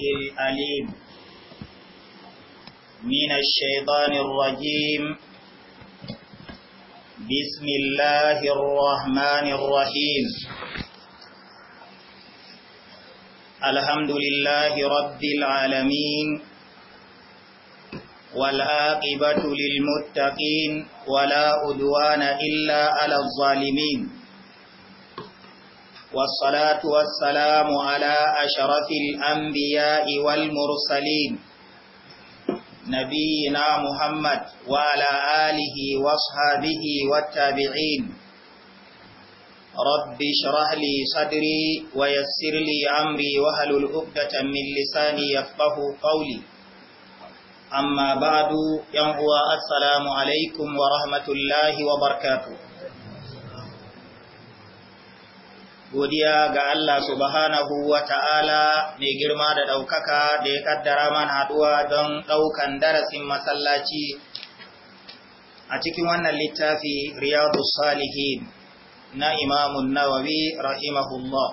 الأليم من الشيطان الرجيم بسم الله الرحمن الرحيم الحمد لله رب العالمين والآقبة للمتقين ولا أدوان إلا على الظالمين والصلاة والسلام على أشرف الأنبياء والمرسلين نبينا محمد وعلى آله واصحابه والتابعين رب شرح لي صدري ويسر لي أمري وهل الأبدة من لساني يفقه قولي أما بعد ينهو السلام عليكم ورحمة الله وبركاته godiya ga Allah subhanahu wa ta'ala mai girma da ɗaukaka da ya kaddara mana haɗuwa don ɗaukan darasin masallaci a cikin wannan littafi riyadu salihin na imamun nawawi rahimahullah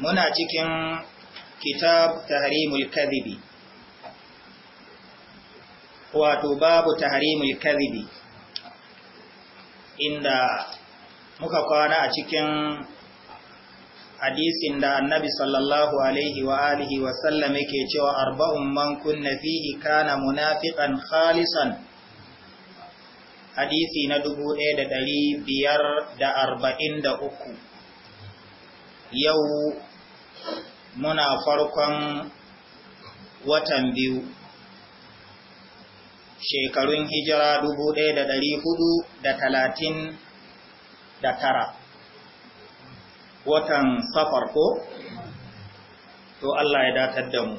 muna cikin kitab tahrimul kadhibi wato babu tahrimul kadhibi inda muka kwana a cikin hadisin da annabi sallallahu alaihi wa alihi wa sallam yake cewa arba'un man kunna fihi kana munafiqan khalisan hadisi na 1543 yau muna farkon watan biyu shekarun hijira talatin. da tara watan safar ko to Allah ya datar da mu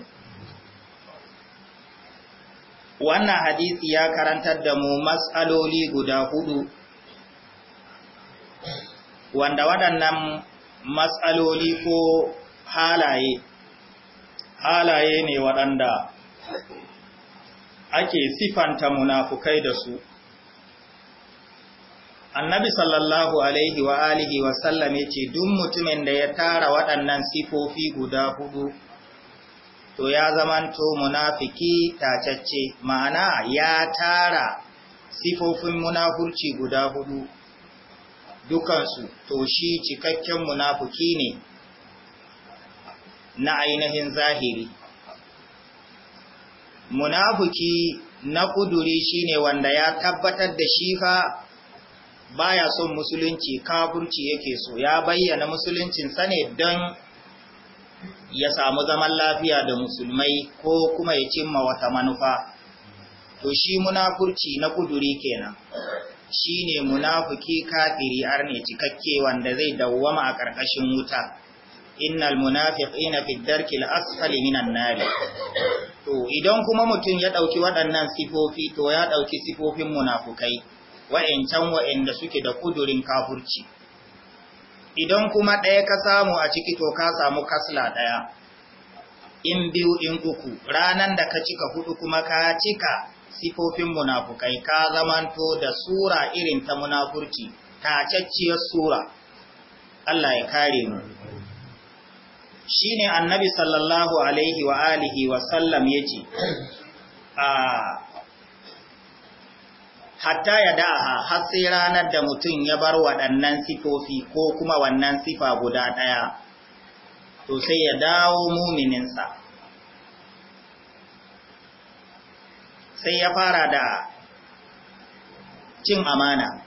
wannan hadisi ya karantar da mu matsaloli guda hudu wanda waɗannan matsaloli ko halaye halaye ne waɗanda ake sifanta munafukai da su annabi sallallahu alaihi wa alihi wa sallam ce, duk mutumin da ya tara waɗannan sifofi guda hudu to ya zamanto munafiki tacacce ma'ana ya tara sifofin munafurci guda hudu dukansu to shi cikakken munafuki ne na ainihin zahiri munafuki na kuduri shine wanda ya tabbatar da shi fa baya son musulunci kafurci yake so ya bayyana musuluncin ne don ya samu zaman lafiya da musulmai ko kuma ya cimma wata manufa to shi munafurci na kuduri kenan shi ne munafuki kafiri arne cikakke wanda zai dawwama a ƙarƙashin wuta innal munafiqina fi darkil asfali minan nar to idan kuma mutum ya dauki waɗannan sifofi to ya dauki sifofin munafukai wa'incan wa'inda suke da kudurin kafurci idan kuma ɗaya ka samu a ciki to ka samu kasla ɗaya in biyu in uku ranan da ka cika hudu kuma ka cika sifofin munafukai ka zamanto da sura irin ta munafurci ta cacciyar sura Allah ya kare mu Shi ne annabi sallallahu alaihi wa alihi wa sallam yace a hatta ya da'aha har sai ranar da mutum ya bar waɗannan sifofi ko kuma wannan sifa guda ɗaya, to sai ya dawo mumininsa. Sai ya fara da cin amana.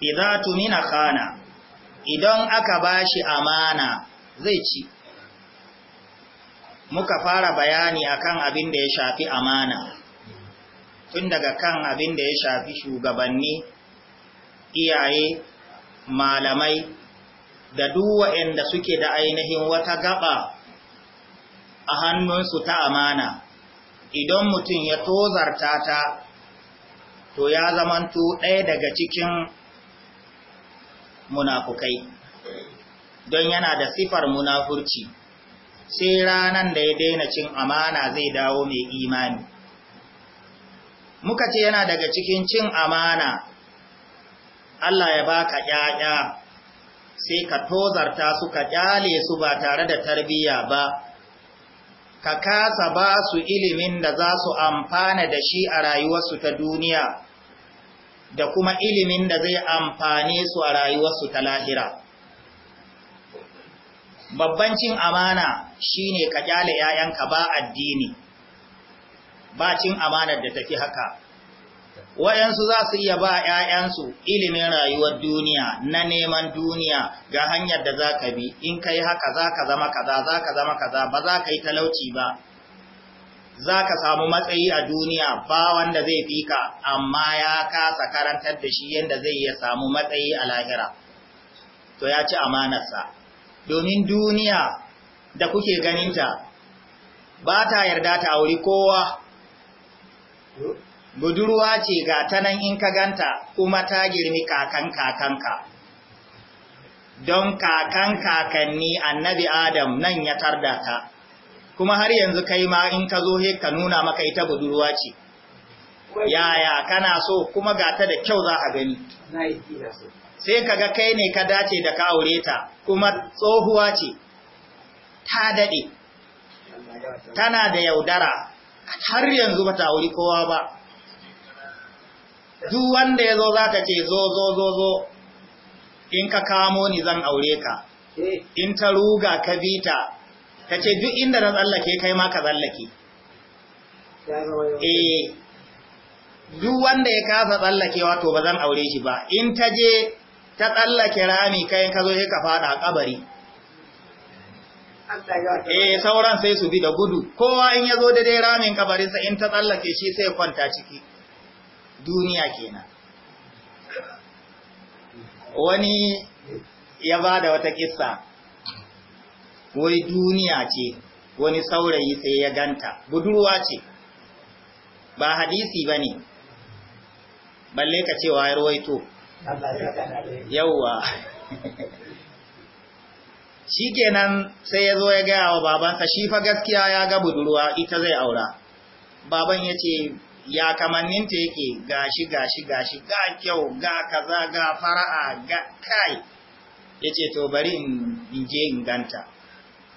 Iza tumina khana, idan aka bashi amana zai ci. Muka fara bayani akan abin da ya shafi amana. tun daga kan abin da ya shafi shugabanni iyaye malamai da duwa inda suke da ainihin wata gaba a hannunsu ta amana idan mutum ya tozarta ta to ya zamanto ɗaya daga cikin munafukai don yana da sifar munafurci sai ranan da ya daina cin amana zai dawo mai imani muka ce yana daga cikin cin amana Allah ya baka ƴaƴa sai ka tozarta su ka ƙyale su ba tare da tarbiyya ba ka kasa ba su ilimin da za su amfana da shi a rayuwarsu ta duniya da kuma ilimin da zai amfane su a rayuwarsu ta lahira. Babban cin amana shine ka ƙyale ‘ya'yanka ba addini, ba cin amanar da tafi haka wayansu za su iya ba ‘ya'yansu ilimin rayuwar duniya na neman duniya ga hanyar da za ka bi in ka yi haka za ka zama kaza za ka zama kaza ba za ka yi talauci ba za ka samu matsayi a duniya ba wanda zai fi ka amma ya kasa karantar da shi yadda zai iya samu matsayi a lahira to ya ci amanarsa domin duniya da kuke ganinta ba ta yarda ta auri kowa budurwa ce ga ta nan in ka ganta kuma ta girmi kakan kakanka don kakan kakanni annabi adam nan ya tarda ta kuma har yanzu kai ma in ka zo he ka nuna maka ita budurwa ce yaya kana so kuma gata da kyau za a gani sai ka ga kai ne ka dace da ka aure ta kuma tsohuwa ce ta daɗe tana da yaudara har yanzu ba ta wuri kowa ba duk wanda ya zo za ka ce zo zo zo zo in ka kamo ni zan aure ka eh. in ta ruga ka bita ta ce duk inda na tsallake kai ma ka tsallake eh duk wanda ya kasa tsallakewa to ba zan aure shi ba in ta je ta tsallake rami kai ka zo ka fada a kabari eh sauran sai su bi da gudu kowa in ya zo dai ramin kabarinsa in ta tsallake shi sai kwanta ciki duniya kenan wani ya ba da wata kissa wai duniya ce wani saurayi sai ya ganta budurwa ce ba hadisi ba ne balle ka cewa ya ruwaito yauwa shikenan sai ya zo ya gaya wa babansa shi fa gaskiya ya ga budurwa ita zai aura baban ya ce ya kamannin ta yake gashi gashi gashi ga kyau ga kaza ga fara'a ga kai ya ce to bari in je in ganta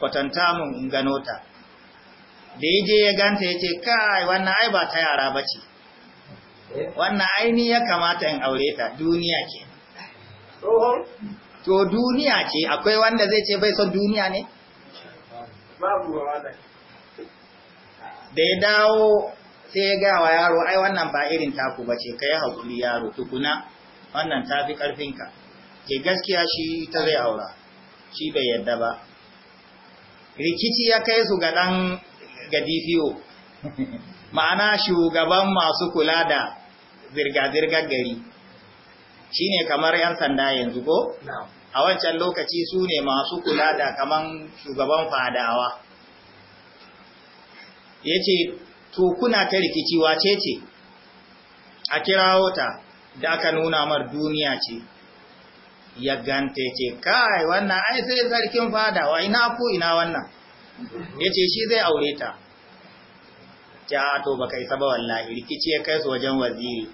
kwatanta mun in gano ta da ya je ya ganta ya ce kai wannan ai ba ta yara ba ce wannan aini ya kamata in aure ta duniya ke to duniya ce akwai wanda zai ce bai son duniya ne da ya dawo sai ya wa yaro ai wannan ba irin taku ba ce kai hakuri haƙuri yaro tukuna wannan ta fi ƙarfinka ke gaskiya shi ta zai aura shi bai yadda ba rikici ya kai su ga ɗan gadifiyo ma'ana shugaban masu kula da zirga-zirgar gari shi ne kamar 'yan sanda yanzu ko? a wancan lokaci su ne masu kula da kaman shugaban fadawa ya ce to kuna ta rikici wace ce a kirawo ta da aka nuna mar duniya ce ya gante ce kai wannan ai sai sarkin fadawa ina ku ina wannan ya ce shi zai aure ta ja to baka isa ba wallahi rikici ya kai su wajen waziri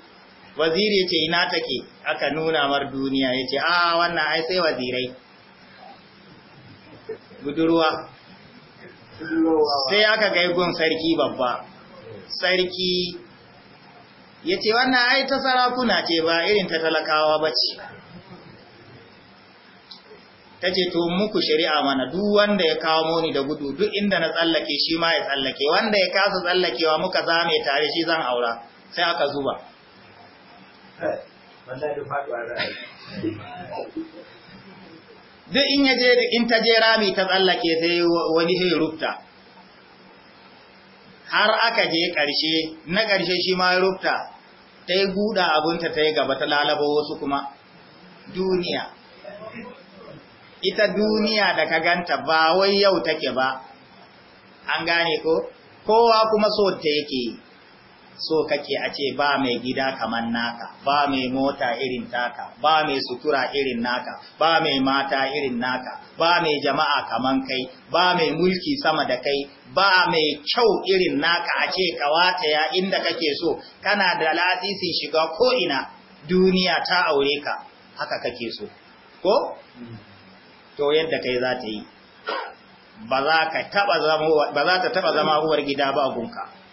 waziri yace ina take aka nuna mar duniya yace a wannan ai sai wazirai budurwa sai aka ga gun sarki babba sarki yace wannan ai ta sarakuna ce ba irin ta talakawa bace tace to muku shari'a mana duk wanda ya kawo muni da gudu duk inda na tsallake shi ma ya tsallake wanda ya kasa tsallakewa muka zame tare shi zan aura sai aka zuba duk in yaje in ta je rami ta tsallake sai wani sai rufta har aka je ƙarshe na ƙarshe shi ma rufta ta yi guda abinta ta yi gaba ta lalaba wasu kuma duniya ita duniya da ka ganta ba wai yau take ba an gane ko kowa kuma so ta yake yi. so kake a ce ba mai gida kamar naka ba mai mota irin taka ba mai sutura irin naka ba mai mata irin naka ba mai jama'a kamar kai ba mai mulki sama da kai ba mai kyau irin naka a ce kawata ya inda kake so kana da latisin shiga ko ina duniya ta aure ka haka kake so ko to yadda kai za ta yi ba za ta taɓa zama uwar gida ba gunka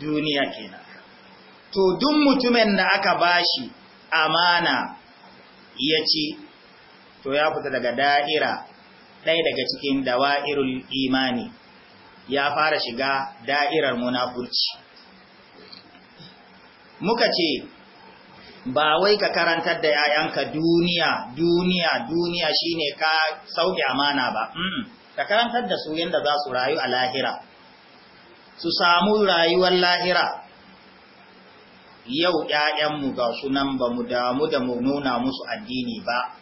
duniya kenan to duk mutumin da aka bashi amana ya ci to ya fita daga da'ira ɗaya daga cikin dawa'irul imani ya fara shiga da'irar munafurci muka ce ba wai ka karantar da 'ya'yanka duniya duniya duniya shine ka sauke amana ba mm. ka karantar da su yadda za su rayu a lahira su samu rayuwar lahira yau ‘ya'yanmu ga sunan ba mu damu da mu nuna musu addini ba,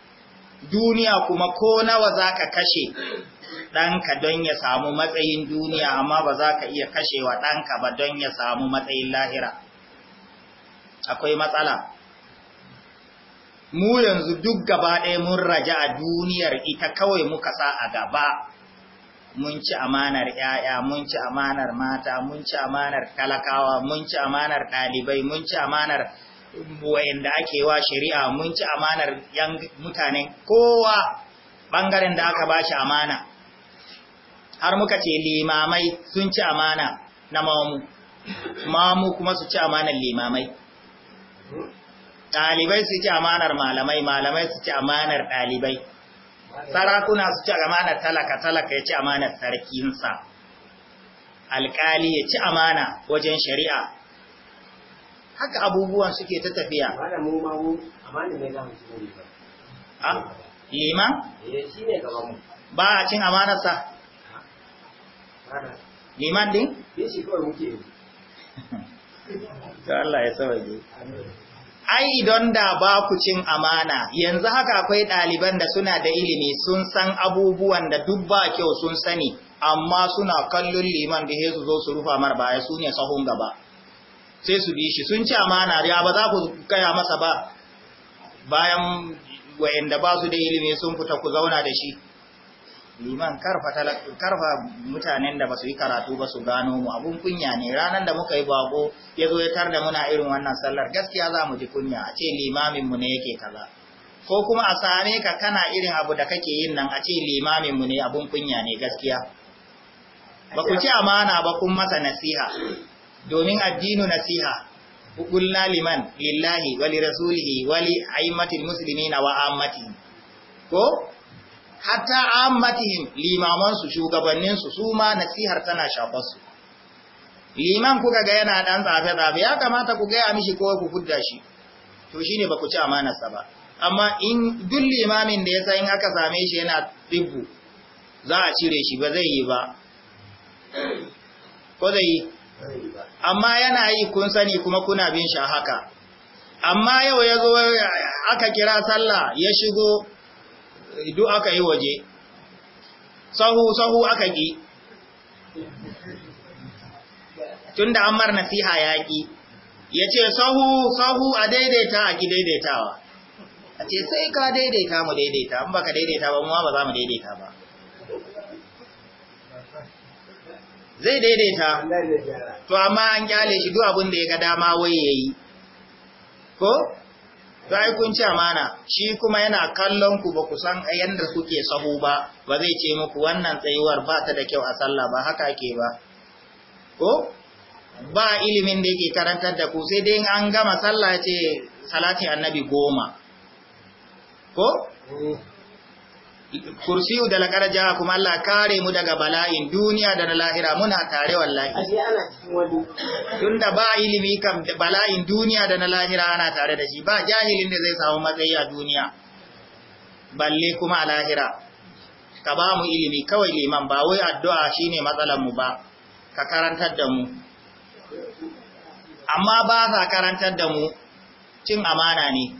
duniya kuma ko nawa za ka kashe ɗanka don ya samu matsayin duniya amma ba za ka iya kashewa ɗanka ba don ya samu matsayin lahira. Akwai matsala. Mu yanzu duk gaba ɗaya mun raja a duniyar ita kawai muka sa a gaba, mun ci amanar ‘ya'ya, mun ci amanar mata, mun ci amanar talakawa, mun ci amanar ɗalibai, mun ci amanar wa'inda ake wa shari'a, mun ci amanar ‘yan mutane, kowa ɓangaren da aka ba shi amana. Har muka ce limamai sun ci amana na mamu, mamu kuma su ci amanar limamai. Ɗalibai su ci amanar malamai, malamai su ci amanar ɗalibai. sarakuna su ci amana talaka talaka ya ci amana sarkinsa alkali ya ci amana wajen shari'a haka abubuwan suke ta tafiya ah, liman eh, ba a cin amanarsa liman din? Allah ya sauraki ai don da ba ku cin amana yanzu haka akwai ɗaliban da suna da ilimi sun san abubuwan da duk ba kyau sun sani amma suna kallon liman da su zo su rufa mar baya su ne sahun gaba sai su bi shi sun ci amana ya ba za ku kaya masa ba bayan wayanda ba su da ilimi sun fita ku zauna da shi liman karfa mutanen da ba su yi karatu ba su gano mu abun kunya ne ranar da muka yi bako ya zo tar da muna irin wannan sallar gaskiya za mu ji kunya a ce limamin mu ne yake kaza ko kuma a same ka kana irin abu da kake yin nan a ce limamin mu ne abun kunya ne gaskiya ba ku ci amana ba kun masa nasiha domin addinu nasiha qulna liman lillahi wali rasulihi wali li aimatil muslimina wa ko hatta ammatihim limamansu shugabanninsu su ma nasihar tana su liman kuka ga yana dan tsafe-tsafe ya kamata ku gaya mishi ko ku fudda shi to shine ba ku ci sa ba amma in duk limamin da ya san aka same shi yana dibbu za a cire shi ba zai yi ba ko zai yi amma yana yi kun sani kuma kuna bin shi haka amma yau ya zo aka kira sallah ya shigo Idu aka yi waje sahu sahu aka ƙi Tunda Ammar nasiha ya ki ya ce sahu sahu a daidaita a ƙi daidaitawa a ce sai ka daidaita mu daidaita ba baka daidaita ba mu ba za mu daidaita ba zai daidaita to amma an kyale shi duk abin da ya ga dama wai yayi ko to kun ci amana shi kuma yana kallon ku ba ku san yanda kuke sahu ba ba zai ce muku wannan tsayuwar ba ta da kyau a sallah ba haka ke ba ko ba ilimin da yake karantar da ku sai dai an gama sallah ce salati annabi goma ko mm. Kursi da karaja kuma Allah kare mu daga bala'in duniya da na lahira muna tare wallahi tunda ba ilimi kam bala'in duniya da na lahira ana tare da shi ba jahilin da zai samu matsayi a duniya balle kuma a lahira ka ba mu ilimi kawai liman ba wai addu'a shine matsalar mu ba ka karantar da mu amma ba ka karantar da mu cin amana ne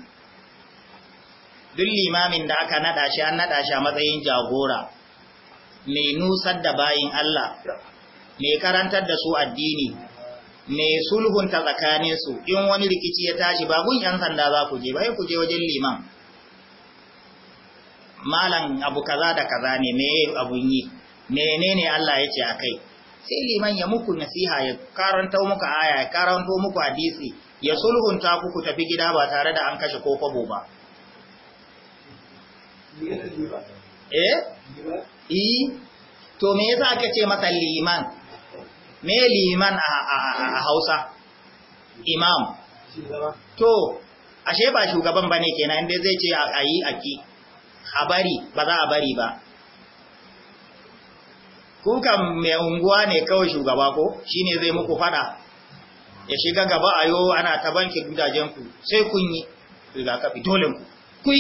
duk limamin da aka naɗa shi an naɗa shi a matsayin jagora mai nusar da bayin Allah mai karantar da su addini mai sulhunta tsakaninsu in wani rikici ya tashi ba gun 'yan sanda za ku je ba ku je wajen liman malam abu kaza da kaza ne me abun yi menene Allah ya ce akai? kai sai liman ya muku nasiha ya karanta muku aya ya karanto muku hadisi ya sulhunta ku ku tafi gida ba tare da an kashe ko ba E? E! to me yasa ake ce masa liman me liman a Hausa imam to ashe ba shugaban bane kenan inda zai ce a yi ba za a bari ba kukan mai unguwa ne kawai shugaba ko shine zai muku fada ya shiga gaba a yo ana ta banki ku sai kun yi rigakafi dole ku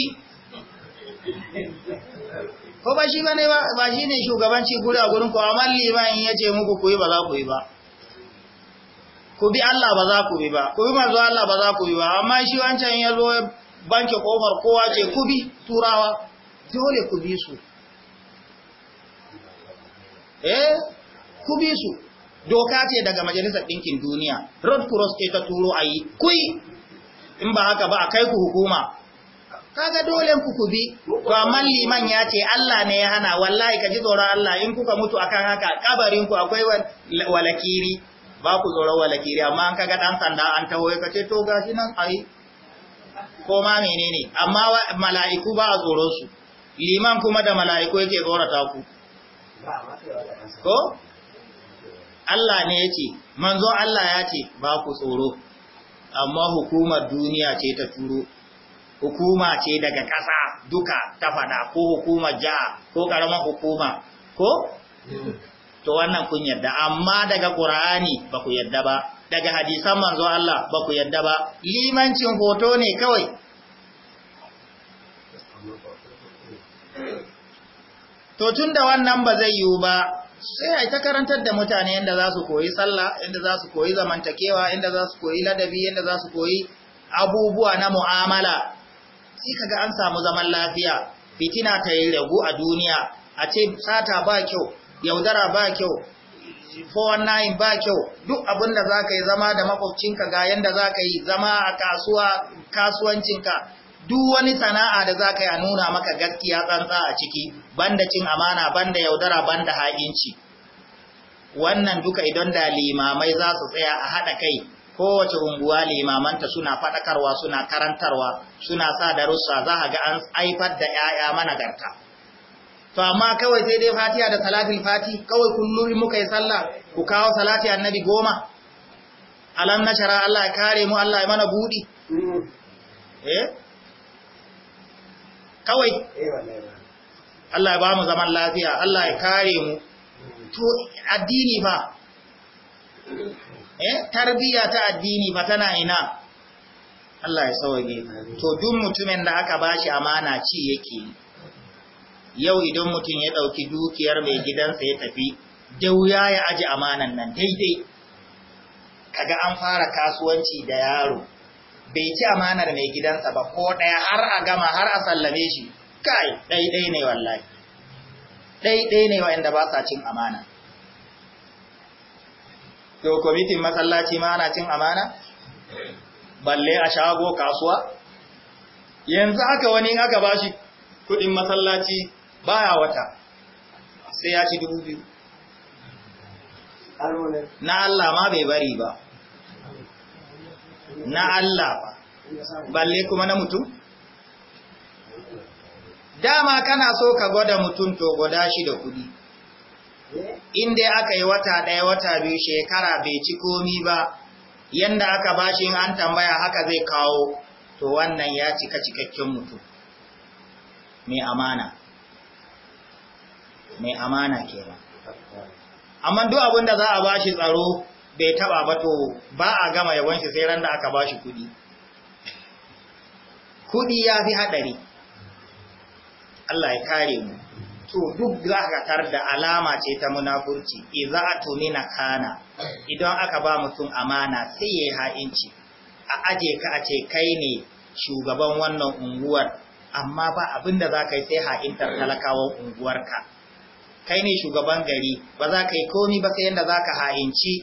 ko ba shi ba ne ba shi ne shugabanci guri a gurin kowa amma liman in yace muku ku yi ba za ku yi ba ku bi Allah ba za ku bi ba ku bi manzo Allah ba za ku bi ba amma shi wancan ya zo banke kofar kowa ce ku bi turawa dole ku bi su eh ku bi su doka ce daga majalisar Dinkin duniya road cross ce ta turo a yi kui in ba haka ba a kai ku hukuma kaga dole ku ku bi to amma liman ya ce Allah ne ya hana wallahi ka ji tsoron Allah in kuka mutu akan haka kabarin ku akwai walakiri ba ku tsoron walakiri amma an kaga dan sanda an taho ka ce to gashi nan ai ko ma menene amma mala'iku ba a tsoron su liman kuma da mala'iku yake tsorata ku ko Allah ne ya ce, manzon Allah ya ce ba ku tsoro amma hukumar duniya ce ta turo hukuma ce daga ƙasa duka ta fada ko hukuma jiha ko ƙaramar hukuma ko? to wannan kun yarda amma daga ƙura'ani ba ku yarda ba daga hadisan manzo Allah ba ku yarda ba limancin hoto ne kawai to tun da wannan ba zai yiwu ba sai a ta karantar da mutane yadda za su koyi sallah yadda za su koyi zamantakewa yadda za su koyi ladabi yadda za su koyi abubuwa na mu'amala sai kaga an samu zaman lafiya fitina ta yi ragu a duniya a ce sata ba kyau yaudara ba kyau 419 ba kyau duk abin da za ka yi zama da makwabcinka ga yadda za ka yi zama a kasuwa kasuwancinka duk wani sana'a da za ka yi a nuna maka gaskiya tsantsa a ciki banda cin amana banda yaudara banda ha'inci wannan duka idan da limamai za su tsaya a haɗa kai kowace unguwa limamanta suna faɗakarwa suna karantarwa suna sa darussa za a ga an haifar da ‘ya'ya managarta. To, amma kawai sai dai fatiya da salatul fati, kawai kullum muka yi sallah ku kawo salati annabi goma, alam na shara Allah ya kare mu Allah ya mana buɗi. Eh? Kawai, Allah ya ba mu zaman lafiya, Allah ya kare mu, to addini ba. eh tarbiya ta addini ba tana ina Allah ya sauke to duk mutumin da aka bashi amana ci yake yau idan mutum ya dauki dukiyar mai gidansa ya tafi da wuya ya aji amanan nan daidai kaga an fara kasuwanci da yaro bai ci amanar mai gidansa ba ko daya har a gama har a sallame shi kai daidai ne wallahi daidai ne wa'anda ba sa cin amana to kwamitin masallaci ma ana cin amana balle a shago kasuwa yanzu haka wani aka bashi kudin masallaci baya wata sai ya ci dubu biyu na Allah ma bai bari ba na Allah ba balle kuma na mutum dama kana so ka gwada mutum to gwada shi da kudi in dai aka yi wata ɗaya wata biyu shekara bai ci komi ba yanda aka bashi in an tambaya haka zai kawo to wannan ya cika cikakken mutum mai amana mai amana ba amma duk abin da za a bashi tsaro bai taba ba to ba a gama yabon shi sai ran da aka bashi kudi kudi ya fi haɗari. Allah ya kare mu to duk za ka kar da alama ce ta munafurci a toni na kana idan aka ba mutum amana sai yayi ha'inci a aje ka a ce kai ne shugaban wannan unguwar amma ba abinda za ka yi sai ha'intar talakawan unguwarka kai ne shugaban gari ba za ka yi komi ba sai yadda za ka ha'inci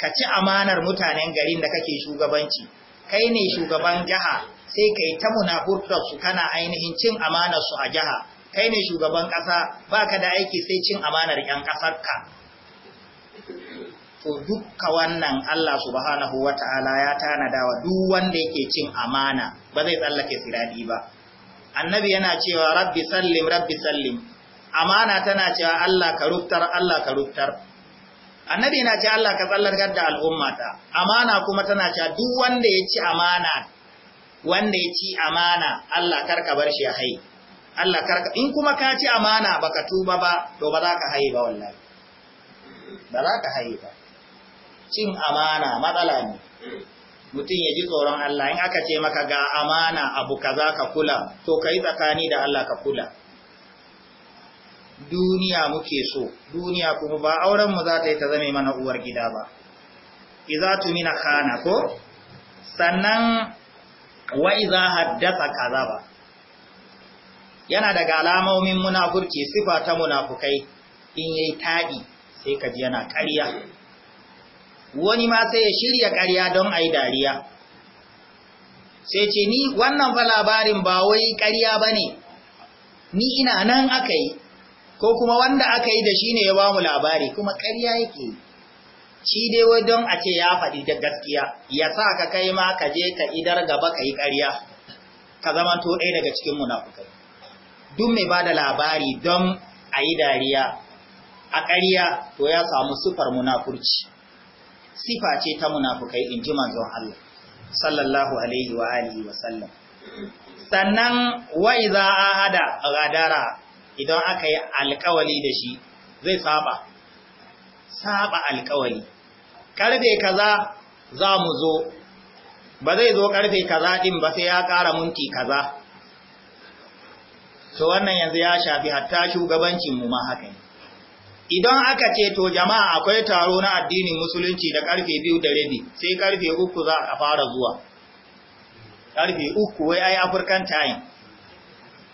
ka ci amanar mutanen garin da kake shugabanci kai ne shugaban jiha sai ka yi ta munafurci su kana ainihin cin amanar su a jiha kai ne shugaban ƙasa ba ka da aiki sai cin amanar 'yan ƙasarka to dukka wannan Allah subhanahu wa ta'ala ya tanada wa duk wanda yake cin amana ba zai tsallake siradi ba annabi yana cewa rabbi sallim rabbi sallim amana tana cewa Allah ka ruftar Allah ka ruftar annabi yana cewa Allah ka tsallargar da al'ummata amana kuma tana cewa duk wanda ya ci amana wanda ya ci amana Allah karka bar shi ya hai Allah karka in kuma ka ci amana baka tuba ba to ba za ka haye ba wallahi ba za ka haye ba cin amana matsala ne mutum ya ji tsoron Allah in aka ce maka ga amana abu kaza ka kula to kai tsakani da Allah ka kula duniya muke so duniya kuma ba auren mu za ta yi ta zame mana uwar gida ba iza tumina khana ko sannan wa iza haddatha ba. yana daga alamomin munafurci sifa ta munafukai in yayi taɗi sai kaji yana ƙarya wani ma sai ya shirya ƙarya don ayi dariya sai ce ni wannan fa labarin ba wai ƙarya bane ni ina nan aka ko kuma wanda aka da shi ne ya ba mu labari kuma ƙarya yake shi dai wai don a ce ya faɗi da gaskiya ya sa ka kai ma ka je ka idar gaba ka yi ƙarya ka zama to ɗaya daga cikin munafukai duk mai ba da labari don a yi dariya a ƙarya to ya samu sifar munafurci sifa ce ta munafukai in ji manzon Allah sallallahu alaihi wa alihi wa sallam sannan wa idza ahada gadara idan aka yi alƙawali da shi zai saba saba alƙawali karfe kaza za mu zo ba zai zo karfe kaza din ba sai ya ƙara minti kaza so wannan yanzu ya shafi hatta shugabancin mu ma haka ne idan aka ce to jama'a akwai taro na addinin musulunci da karfe biyu da rabi sai karfe uku za a fara zuwa karfe uku wai ai african time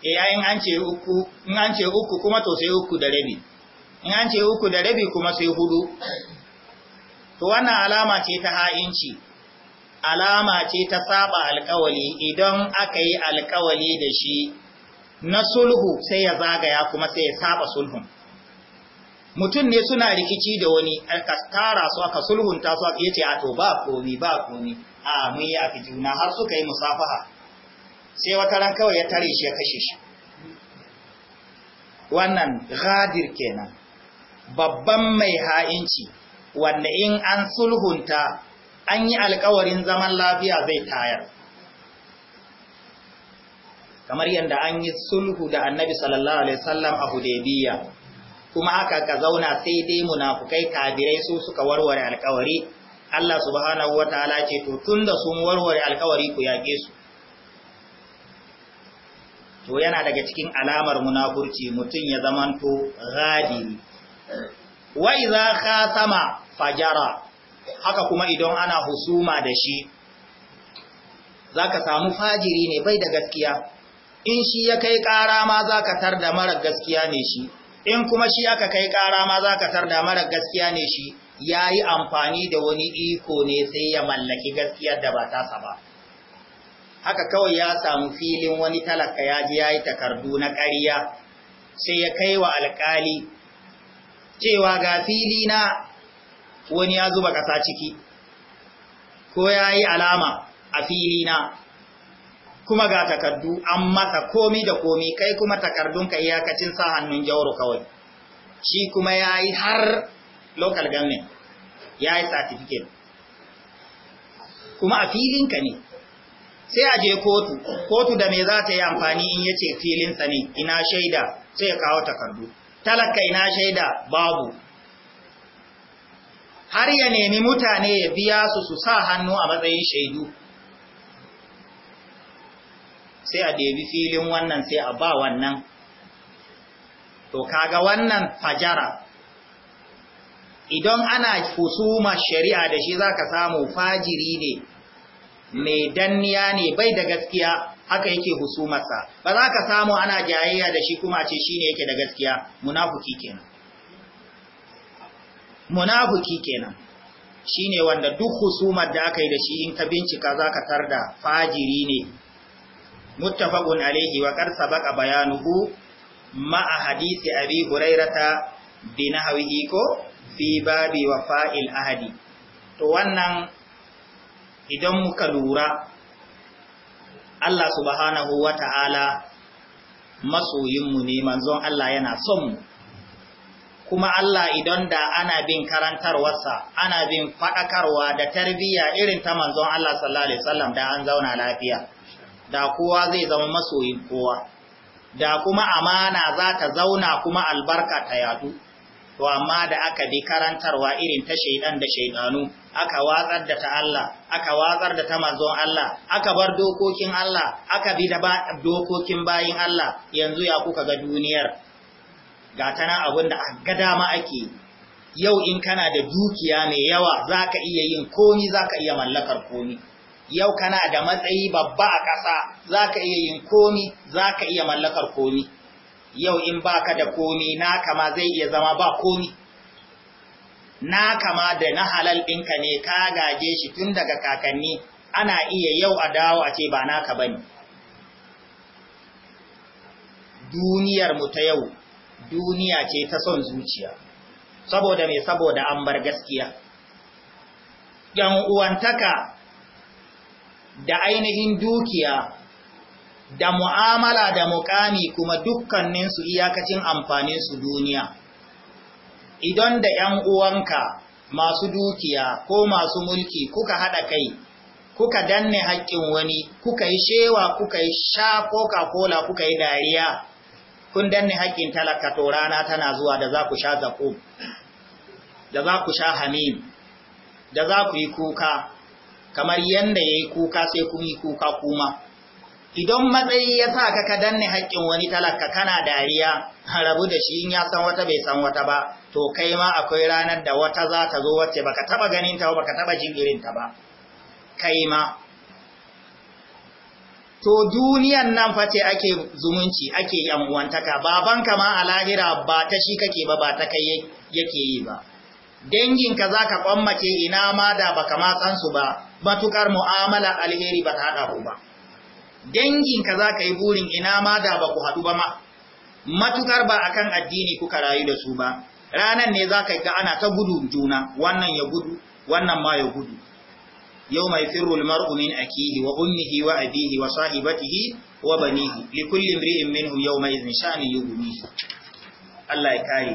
e ai in an ce uku in an ce uku kuma to sai uku da rabi in an ce uku da rabi kuma sai hudu to wannan alama ce ta ha'inci alama ce ta saba alkawali idan aka yi alkawali da shi na sulhu sai ya zagaya kuma sai ya saba sulhun mutum ne suna rikici da wani aka su aka sulhunta su aka yace a to ba komi ba komi a mun yi afi juna har suka yi musafaha sai wata ran kawai ya tare shi ya kashe shi wannan gadir kenan babban mai ha'inci wanda in an sulhunta an yi alkawarin zaman lafiya zai tayar kamar yadda an yi sulhu da annabi sallallahu alaihi wasallam a hudaybiya kuma haka ka zauna sai dai munafukai kabirai su suka warware alkawari Allah subhanahu wataala ce to tunda sun warware alkawari ku yake su to yana daga cikin alamar munafurci mutum ya zamanto ghadiri wa idza khasama fajara haka kuma idan ana husuma da shi zaka samu fajiri ne bai da gaskiya in shi ya kai ƙara ma za ka tar da marar gaskiya ne shi in kuma shi aka kai ƙara ma za ka tar da marar gaskiya ne shi ya yi amfani da wani iko ne sai ya mallaki gaskiyar da ba tasa ba haka kawai ya samu filin wani talaka ya ji ya yi takardu na ƙariya sai ya kai wa alƙali cewa ga fili na wani ya zuba ƙasa ciki ko ya yi alama a fili na kuma ga takardu an masa komi da komi kai kuma takardunka iyakacin sa hannun jauro kawai shi kuma ya yi har local government ya yi certificate kuma a filinka ne sai a je kotu kotu da me za ta yi amfani in ya ce sa ne ina shaida sai ya kawo takardu talaka ina shaida babu har ya nemi mutane ya biya su su sa hannu a matsayin shaidu sai a ɗebi filin wannan sai a ba wannan to kaga wannan fajara idan ana husuma shari'a da shi zaka samu fajiri ne mai danniya ne bai da gaskiya haka yake husumarsa ba za ka samu ana jayayya da shi kuma ce shi ne yake da gaskiya munafuki kenan munafuki kenan shi ne wanda duk husumar da aka yi da shi in ka bincika za ka tar da fajiri ne muttafaqun عليه وقد سبق بيانه bayanuhu ma'a hadisi هريرة بنهوه في ko fi babi توانا ahadi to wannan idan muka lura Allah subhanahu wa masoyinmu ne manzon Allah yana son mu kuma Allah idan da ana bin karantarwarsa ana bin faɗakarwa da tarbiyya irin ta manzon Allah sallallahu alaihi wasallam da an zauna lafiya da kowa zai zama masoyin kowa da kuma amana za ta zauna kuma albarka ta yadu to amma da aka bi karantarwa irin ta shaidan da shaidanu aka watsar da ta Allah aka watsar da ta manzon Allah aka bar dokokin Allah aka bi da dokokin bayin Allah yanzu ya kuka ga duniyar Gatana tana abin da ga dama ake yau in kana da dukiya mai yawa zaka iya yin komi zaka iya mallakar komi yau kana da matsayi babba a ƙasa za ka iya yin komi za ka iya mallakar komi yau in ba ka da komi na kama zai iya zama ba komi na kama da na halal ɗinka ne ka gaje shi tun daga kakanni ana iya yau a dawo a ce ba naka ba ne mu ta yau duniya ce ta son zuciya saboda mai saboda an bar gaskiya ‘yan uwantaka da ainihin dukiya da mu'amala da mukami kuma dukkaninsu iyakacin amfaninsu duniya idan da ‘yan uwanka masu dukiya ko masu mulki kuka haɗa kai kuka danne haƙƙin wani kuka yi shewa kuka yi sha coca-cola kuka yi dariya kun danne haƙƙin talaka to rana tana zuwa da za ku sha zaƙo da za ku sha hamim da za ku yi kuka kamar yanda yayi kuka sai kun yi kuka kuma idan matsayi ya sa ka danne haƙƙin wani talaka kana dariya rabu da shi in ya san wata bai san wata ba to kai ma akwai ranar da wata za ta zo wacce baka taba ganin ta baka taba jin irin ta ba kai ma to duniyan nan fa ce ake zumunci ake yan'uwantaka babanka ma a lahira ba ta shi kake ba ba ta kai yake yi ba danginka za ka kwammace ina ma da baka ma san su ba matukar mu'amala alheri ba ta haɗa ku ba danginka za ka yi burin ina ma da ba ku haɗu ba ma matukar ba akan addini kuka rayu da su ba ranan ne za ka ga ana ta gudu juna wannan ya gudu wannan ma ya gudu wa يفر wa من أكيه وأمه وأبيه وصاحبته وبنيه لكل امرئ منهم يومئذ شأن Allah ya kare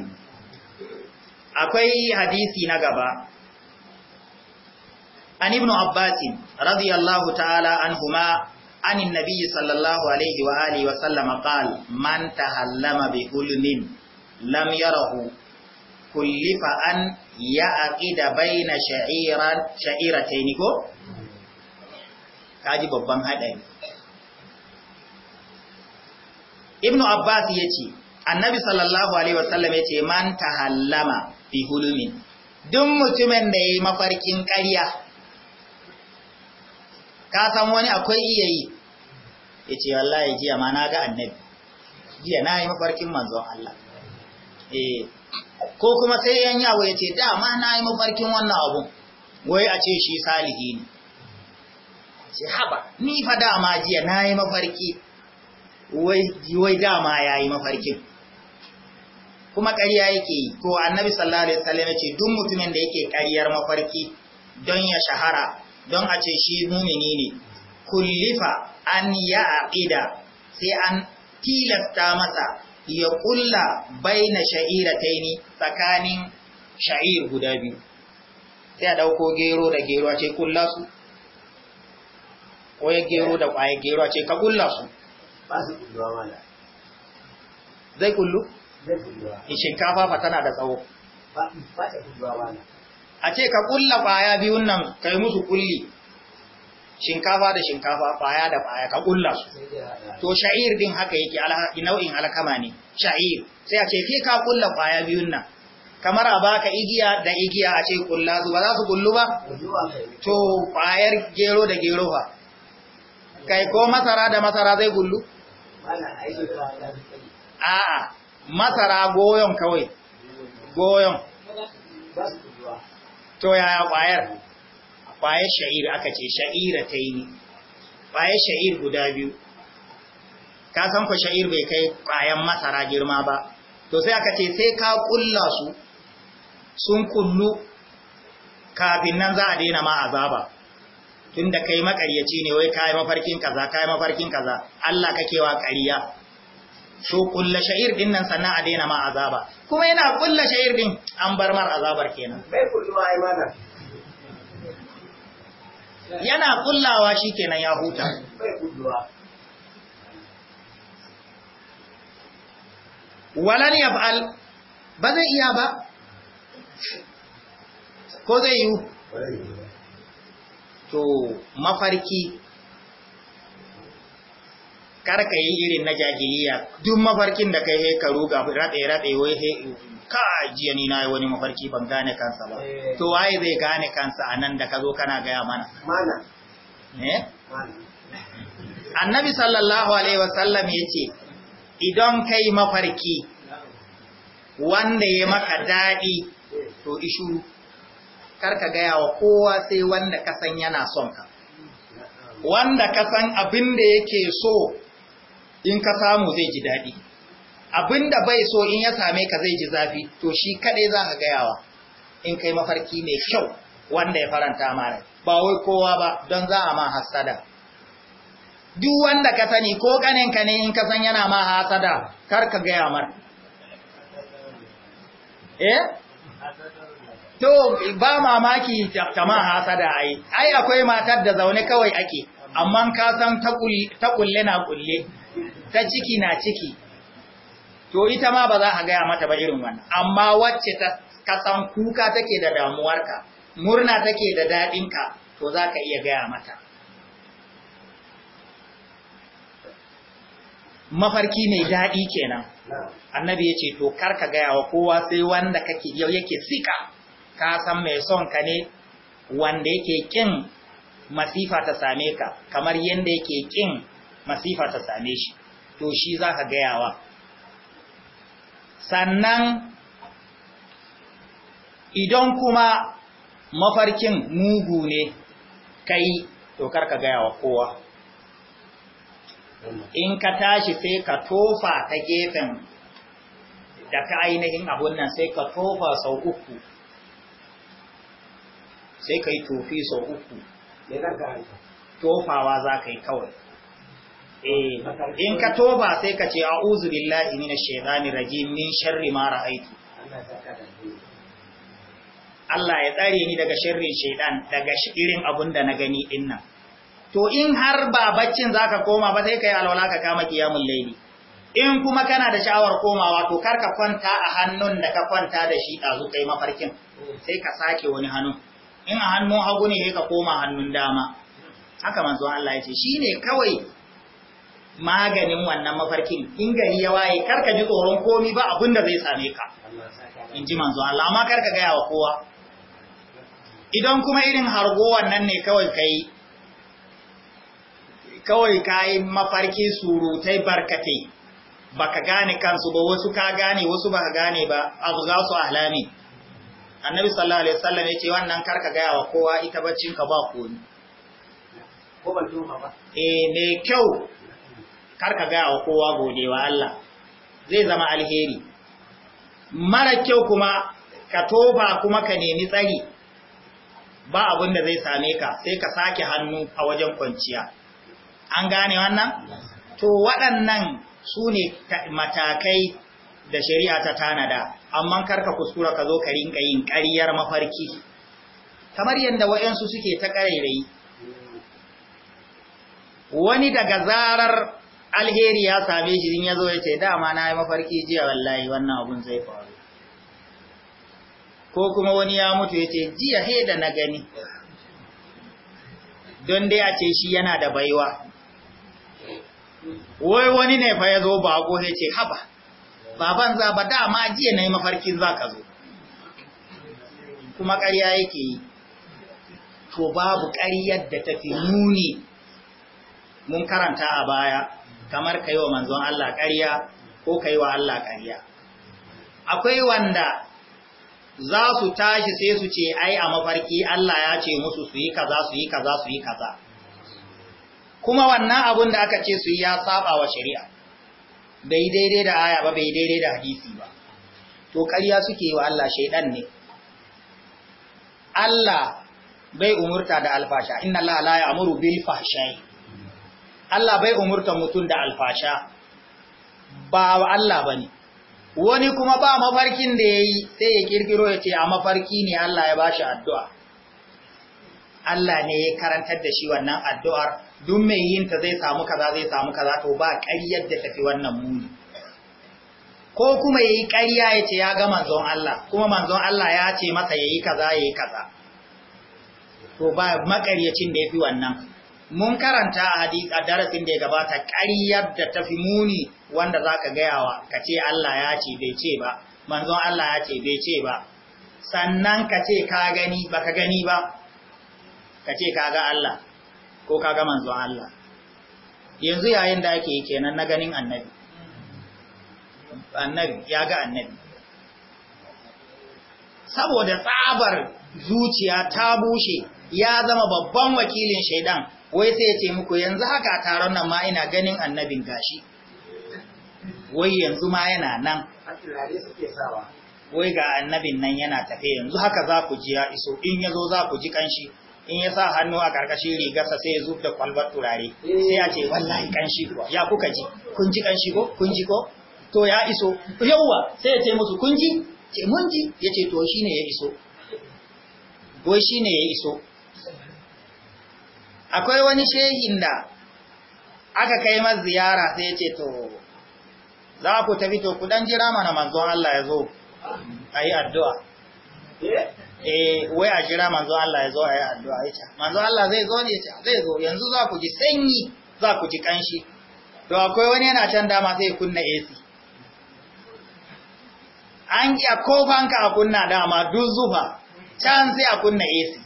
akwai hadisi na gaba an ibn abbas radiyallahu ta'ala anhuma عن النبي صلى الله عليه وآله وسلم قال من تهلم بظلم لم يره كلف أن يعقد بين شعيرا شعيرتين كو kaji babban haɗari ibnu abbas ya ce annabi sallallahu alaihi wasallam ya ce man tahallama bi hulumin duk mutumin da ya yi mafarkin ƙarya ka san wani akwai iya yi ya ce wallahi jiya ma na ga annabi jiya na yi mafarkin manzon Allah eh ko kuma sai yan yawo ya ce dama na yi mafarkin wannan abu? wai a ce shi salihi ne ce haba ni fa da ma jiya na yi mafarki wai ma ya yi mafarkin kuma ƙarya yake yi ko annabi sallallahu alaihi wasallam ya ce duk mutumin da yake ƙaryar mafarki don ya shahara don a ce shi mumini ne kullifa an ya aqida sai an tilasta masa ya kulla baina sha'irataini tsakanin sha'ir guda biyu sai a dauko gero da gero a ce kulla su ya gero da kwaye gero a ce ka kulla su ba su kulluwa mala zai kullu? zai kulluwa eh, shinkafa ba tana da tsawo ba ta kulluwa mala a ce ka kulla ƙwaya biyun nan kai musu kulli shinkafa da shinkafa ƙwaya da ƙwaya ka kulla su to sha'ir din haka yake nau'in alkama ne sha'ir sai a ce ke ka kulla ƙwaya biyun nan kamar a baka igiya da igiya a ce kulla su ba za su kullu ba to ƙwayar gero da gero fa kai ko masara da masara zai kullu a'a masara goyon kawai goyon to yaya ƙwayar ƙwayar sha'ir aka ce sha'ira ta yi ƙwayar sha'ir guda biyu ka san ku sha'ir bai kai ƙwayan masara girma ba to sai aka ce sai ka ƙulla su sun kullu kafin nan za a daina ma azaba tunda kai makaryaci ne wai kai mafarkin kaza kai mafarkin kaza Allah kake wa Su kulla sha'ir din nan sannan a daina ma azaba kuma yana kulla sha'ir din an bar mar azabar kenan bai ai mana yana kullawa shikenan ya huta bai kulluwa walan yaf'al ba zai iya ba ko zai yi to mafarki karka yi irin na jahiliya duk mafarkin da kai he ka ruga raɗe wai he ka jiya ni na yi wani mafarki ban gane kansa ba eh. to waye zai gane kansa a nan da ka zo kana gaya mana mana eh annabi sallallahu alaihi wasallam ya ce idan kai mafarki wanda ya maka daɗi to ishu karka gaya wa kowa sai wanda ka san yana son ka wanda ka san abin da yake so in ka samu zai ji daɗi abinda bai so in ya same ka zai ji zafi to shi kaɗai za ka gayawa in kai mafarki mai kyau wanda ya faranta mara ba wai kowa ba don za a ma hasada duk wanda ka sani ko ƙaninka ne in ka san yana ma hasada kar ka gaya mar eh? to ba mamaki ta ma hasada ai ai akwai matar da zaune kawai ake amma ka san ta kulle na kulle ta ciki na ciki to ita ma ba za a gaya mata ba irin wannan amma wacce ta kasan kuka take da damuwarka murna take da daɗinka to za ka iya gaya mata mafarki mai daɗi kenan annabi ya ce to karka gaya wa kowa sai wanda kake yau yake sika ka san mai son ka ne wanda yake kin masifa ta same ka kamar yadda yake kin masifa ta same shi to shi za ka gayawa sannan idan kuma mafarkin mugu ne kai to kar ka gayawa kowa in ka tashi sai ka tofa ta gefen da ka ainihin abun nan sai ka tofa sau uku sai ka yi tofi sau uku tofawa za ka yi kawai Eh, in ka toba sai ka ce a'udhu billahi rajim min sharri ma Allah ya tsare ni daga sharrin shaiɗan daga irin abun da na gani dinnan. to in har ba baccin zaka koma ba sai yi alwala ka kama kiyamul laili in kuma kana da sha'awar komawa to kar ka kwanta a hannun da ka kwanta da shi ɗazu kai mafarkin sai ka sake wani hannu in a hannun hagu ne sai ka koma hannun dama haka manzo Allah ya ce shine kawai maganin wannan mafarkin in gari ya waye karka ji tsoron komi ba abin da zai same ka in ji manzo Allah amma karka gaya wa kowa idan kuma irin hargo wannan ne kawai kai kawai kai mafarki surutai barkatai baka gane kansu ba wasu ka gane wasu ba gane ba abu za su ahlani annabi sallallahu alaihi wasallam yace wannan karka gaya wa kowa ita baccin ka ba komi ko ban ba eh me kyau kar ka gaya wa kowa wa Allah zai zama alheri mara kyau kuma ka tofa kuma ka nemi tsari ba abin da zai same ka sai ka sake hannu a wajen kwanciya an gane wannan to waɗannan su ne matakai da shari'a ta tanada amma karka kuskura ka zo ka rinka yin ƙaryar mafarki kamar yadda waɗansu suke ta ƙarairayi wani daga zarar alheri ya same shi in ya zo ya ce dama na yi mafarki jiya wallahi wannan abun zai faru ko kuma wani ya mutu ya ce jiya he da na gani don dai a ce shi yana da baiwa wai wani ne fa ya zo bako ya ce haba baban za ba dama jiya na yi mafarki za ka zo kuma ƙarya yake yi to babu ƙaryar da tafi muni mun karanta a baya kamar kai wa manzon Allah ƙarya ko kai wa Allah ƙarya akwai wanda za su tashi sai su ce ai a mafarki Allah ya ce musu su yi kaza su yi kaza su yi kaza kuma wannan abun da aka ce su yi ya saba wa shari'a bai daidai da aya ba bai daidai da hadisi ba to ƙarya suke wa Allah shaiɗan ne Allah bai umurta da alfasha inna Allah la ya'muru bil fahsha'i Allah bai umurta mutum da alfasha ba Allah ba ne wani kuma ba mafarkin da ya yi sai ya kirkiro ya ce a mafarki ne Allah ya bashi addu'a Allah ne ya karantar da shi wannan addu'ar duk mai ta zai samu kaza zai samu kaza to ba ƙaryar da tafi wannan muni ko kuma ya yi ƙarya ya ce ya ga manzon Allah kuma manzon Allah ya ce masa ya yi kaza ya yi kaza to ba maƙaryacin da ya fi wannan mun karanta a a darasin da ya gabata ƙaryar da ta fi muni wanda za ka wa ka ce Allah ya ce bai ce ba manzon Allah ya ce bai ce ba sannan ka ce ka gani ba ka gani ba ka ce ka ga Allah ko ka ga manzon Allah yanzu yayin da ake yi kenan na ganin annabi annabi ya ga annabi saboda tsabar zuciya ta bushe ya zama babban wakilin shaidan wai sai ya ce muku yanzu haka a taron nan ma ina ganin annabin gashi wai yanzu ma yana nan wai ga annabin nan yana tafe yanzu haka za ku ji ya iso in ya zo za ku ji kanshi in ya sa hannu a ƙarƙashin rigarsa sai ya zub da kwalbar turare sai ya ce wallahi kanshi kuwa ya kuka ji kun ji kanshi ko kun ji ko to ya iso yauwa sai ya ce musu kun ji ce mun ji ya ce to shine ya iso wai shine ya iso akwai wani shehin da aka kai masa ziyara sai ce to za ku tafi to ku dan jira mana manzon Allah ya zo ayi addu'a eh? eh wai a jira manzon Allah ya zo ayi addu'a ya ce manzon Allah zai zo ne ya ce zai zo yanzu za ku ji sanyi za ku ji kanshi to akwai wani yana can dama sai kunna AC an ki a kofanka a kunna dama duk zufa can sai a kunna AC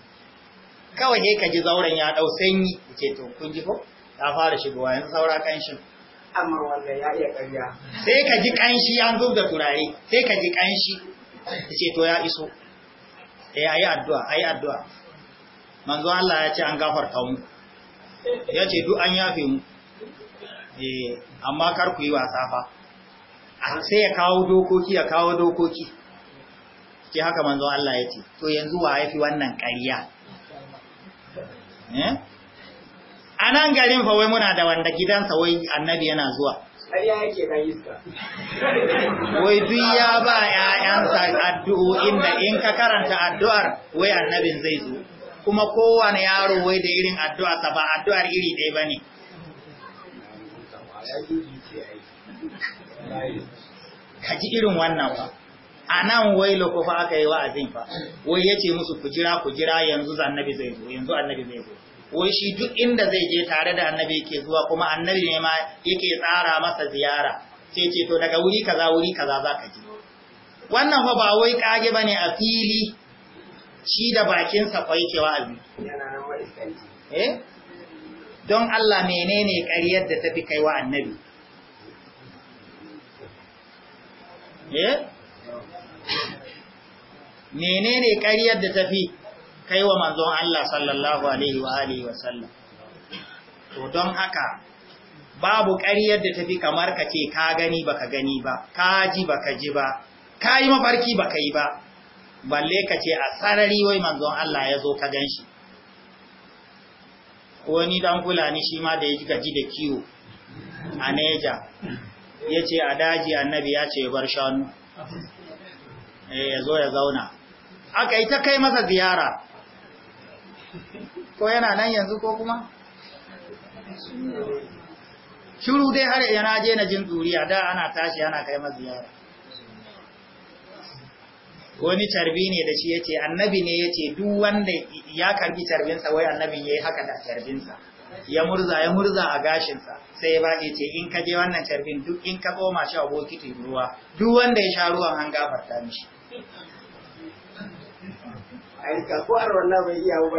kawai sai ka ji zauren ya dau sanyi ce to kun ji ko ta fara shigowa yanzu saura kanshin amma wanda ya iya ƙarya sai ka ji kanshi an zub da turare sai ka ji kanshi ce to ya iso eh ayi addu'a ayi addu'a manzo Allah ya ce an gafarta mu ya ce duk an yafe mu eh amma kar ku yi wasa fa sai ya kawo dokoki ya kawo dokoki ke haka manzo Allah ya ce to yanzu wa yafi wannan ƙarya Eh? a nan garin fa wai muna da wanda gidansa wai annabi yana zuwa wai duk ya ba ‘ya'yansa addu'o'in da in ka karanta addu'ar wai annabin zai zo kuma kowane yaro wai da irin addu'arsa ba addu'ar iri ɗaya ba ne ka ji irin wannan ba a nan wai fa aka yi wa'azin fa wai ya ce musu ku jira ku jira yanzu annabi zai zo yanzu annabi zai zo wai shi duk inda zai je tare da annabi yake zuwa kuma annabi ne ma yake tsara masa ziyara sai ce to daga wuri kaza wuri kaza za ka je wannan fa ba wai kage bane a fili shi da bakinsa kwai ke wa'azi eh don Allah menene ƙaryar da ta fi kai wa annabi eh menene ƙaryar da tafi kai wa manzon Allah sallallahu alaihi wa alihi wa sallam to don haka babu ƙaryar da tafi kamar ka ce ka gani baka gani ba ka ji baka ji ba ka yi mafarki baka yi ba balle ka ce a sarari wai manzon Allah ya zo ka ganshi wani dan fulani shi ma da ya gaji da kiwo a Neja ya ce a daji annabi ya ce bar shanu Eh, ya zo ya zauna aka yi ta kai masa ziyara ko yana nan yanzu ko kuma shuru dai har yana je na jin zuriya da ana tashi ana kai masa ziyara wani carbi ne da shi ya ce annabi ne ya ce duk wanda ya karbi carbinsa wai annabi ya yi haka da carbinsa ya murza ya murza a gashinsa sai ya ce in ka je wannan carbin duk in ka koma shi a bokitin ruwa duk wanda ya sha ruwan an gafarta mishi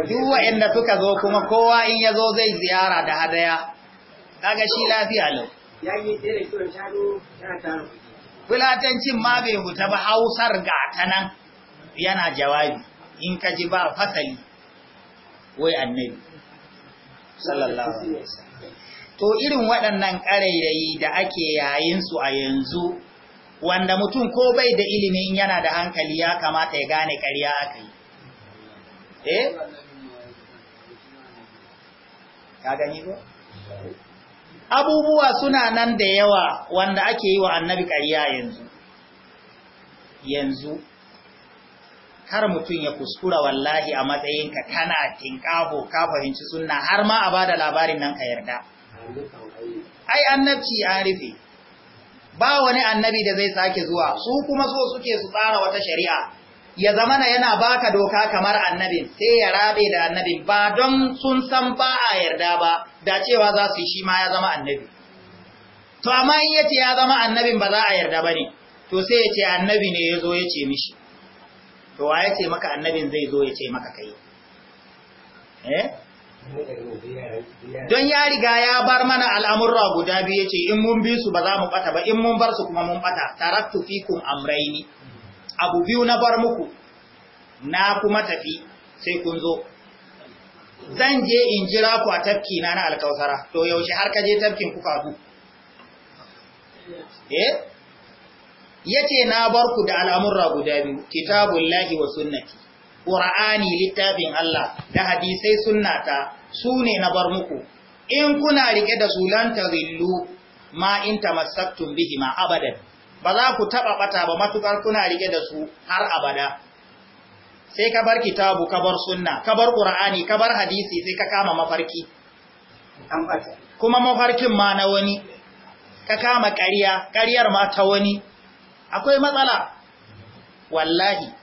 Duk waɗanda suka zo kuma kowa in ya zo zai ziyara da hadaya, daga shi lafiya lau. Fulatancin ma bai huta ba hausar gata nan yana jawabi in ka ji ba fasali, wai annabi, sallallahu To irin waɗannan ƙarairayi da ake yayinsu a yanzu wanda mutum ko bai da ilimi in yana da hankali ya kamata ya gane ƙarya aka yi eh ka gani ko abubuwa suna nan da yawa wanda ake yi wa annabi ƙarya yanzu yanzu har mutum ya kuskura wallahi a matsayinka kana tinƙaho ka fahimci sunna har ma a ba da labarin nan ka yarda ai annabci an rufe ba wani annabi da zai sake zuwa su kuma so suke su tsara wata shari'a ya zamana yana baka doka kamar annabin sai ya rabe da annabin ba don sun san ba a yarda ba da cewa za su yi shi ma ya zama annabi to amma in yace ya zama annabin ba za a yarda bane to sai yace annabi ne yazo yace mishi to wa yace maka annabin zai zo yace maka kai eh don ya riga ya bar mana al'amurra guda biyu ya ce in mun bi su ba za mu bata ba in mun bar su kuma mun bata kun fikun amraini abu biyu na bar muku na kuma tafi sai kun zo zan je in jira ku a tafki na na alkausara to yaushe har ka je tafkin kuka du eh yace na bar ku da al'amurra guda biyu kitabun kitabullahi wa sunnati ƙura'ani littafin Allah da hadisai sunnata su ne na bar muku, in kuna riƙe da zulanta rillu ma in tamassaktum bihi ma abadan, ba za ku taɓa ɓata ba matuƙar kuna riƙe da su har abada. Sai ka bar kitabu, ka bar sunna, ka bar ƙura'ani, ka bar hadisi sai ka kama mafarki. Kuma mafarkin ma na wani, ka kama ƙarya, ƙaryar ma ta wani, akwai matsala, wallahi.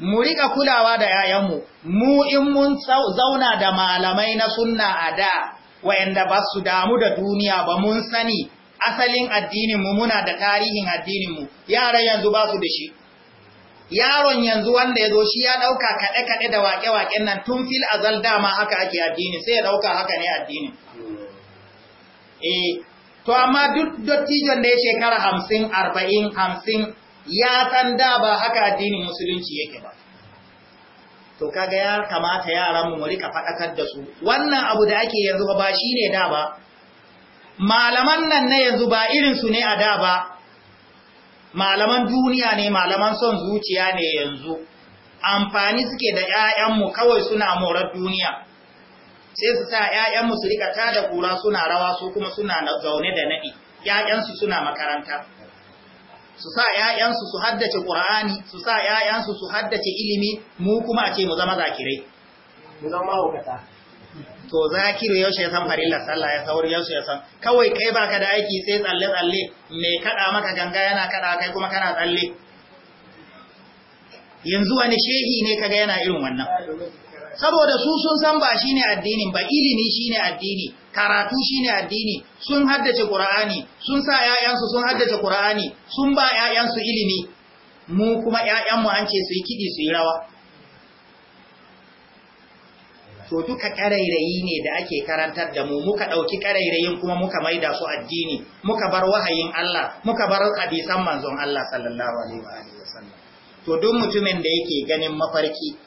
mu riƙa kulawa da ‘ya'yanmu, mu in mun zauna da malamai na sunna a da, wa'yanda ba su damu da duniya ba mun sani asalin addininmu muna da tarihin addininmu, yaran yanzu ba su da shi. Yaron yanzu wanda ya zo shi ya ɗauka kaɗe-kaɗe da waƙe-waƙen nan tun fil azal ma haka ake addini sai ya ɗauka haka ne addini. Eh, to amma duk dattijon da ya shekara hamsin, arba'in, hamsin, ya san da ba haka addinin musulunci yake ba to kaga ya kamata yaran mu rika fadakar da su wannan abu da ake yanzu ba shine da ba malaman nan na yanzu ba irin su ne a da ba malaman duniya ne malaman son zuciya ne yanzu amfani suke da mu kawai suna morar duniya sai su sa mu su rika tada kura suna rawa su kuma suna zaune da nadi 'ya'yansu suna makaranta su sa ‘ya'yansu su haddace ƙura'ani su sa ‘ya'yansu su haddace ilimi mu kuma a ce mu zama zakirai mu zama hukata. to zakiru yaushe ya san farilla sallah ya sauri yaushe ya san kawai kai baka da aiki sai tsalle tsalle mai kaɗa maka ganga yana kaɗa kai kuma kana tsalle yanzu wani shehi ne kaga yana irin wannan saboda su sun san ba shine addinin ba ilimi shine addini karatu shine addini sun haddace qur'ani sun sa 'ya'yansu sun haddace qur'ani sun ba 'ya'yansu ilimi mu kuma 'ya'yanmu an ce su yi kidi su yi rawa to duka karairayi ne da ake karantar da mu muka ɗauki karairayin kuma muka maida su addini muka bar wahayin Allah muka bar hadisan manzon Allah sallallahu alaihi wa sallam to duk mutumin da yake ganin mafarki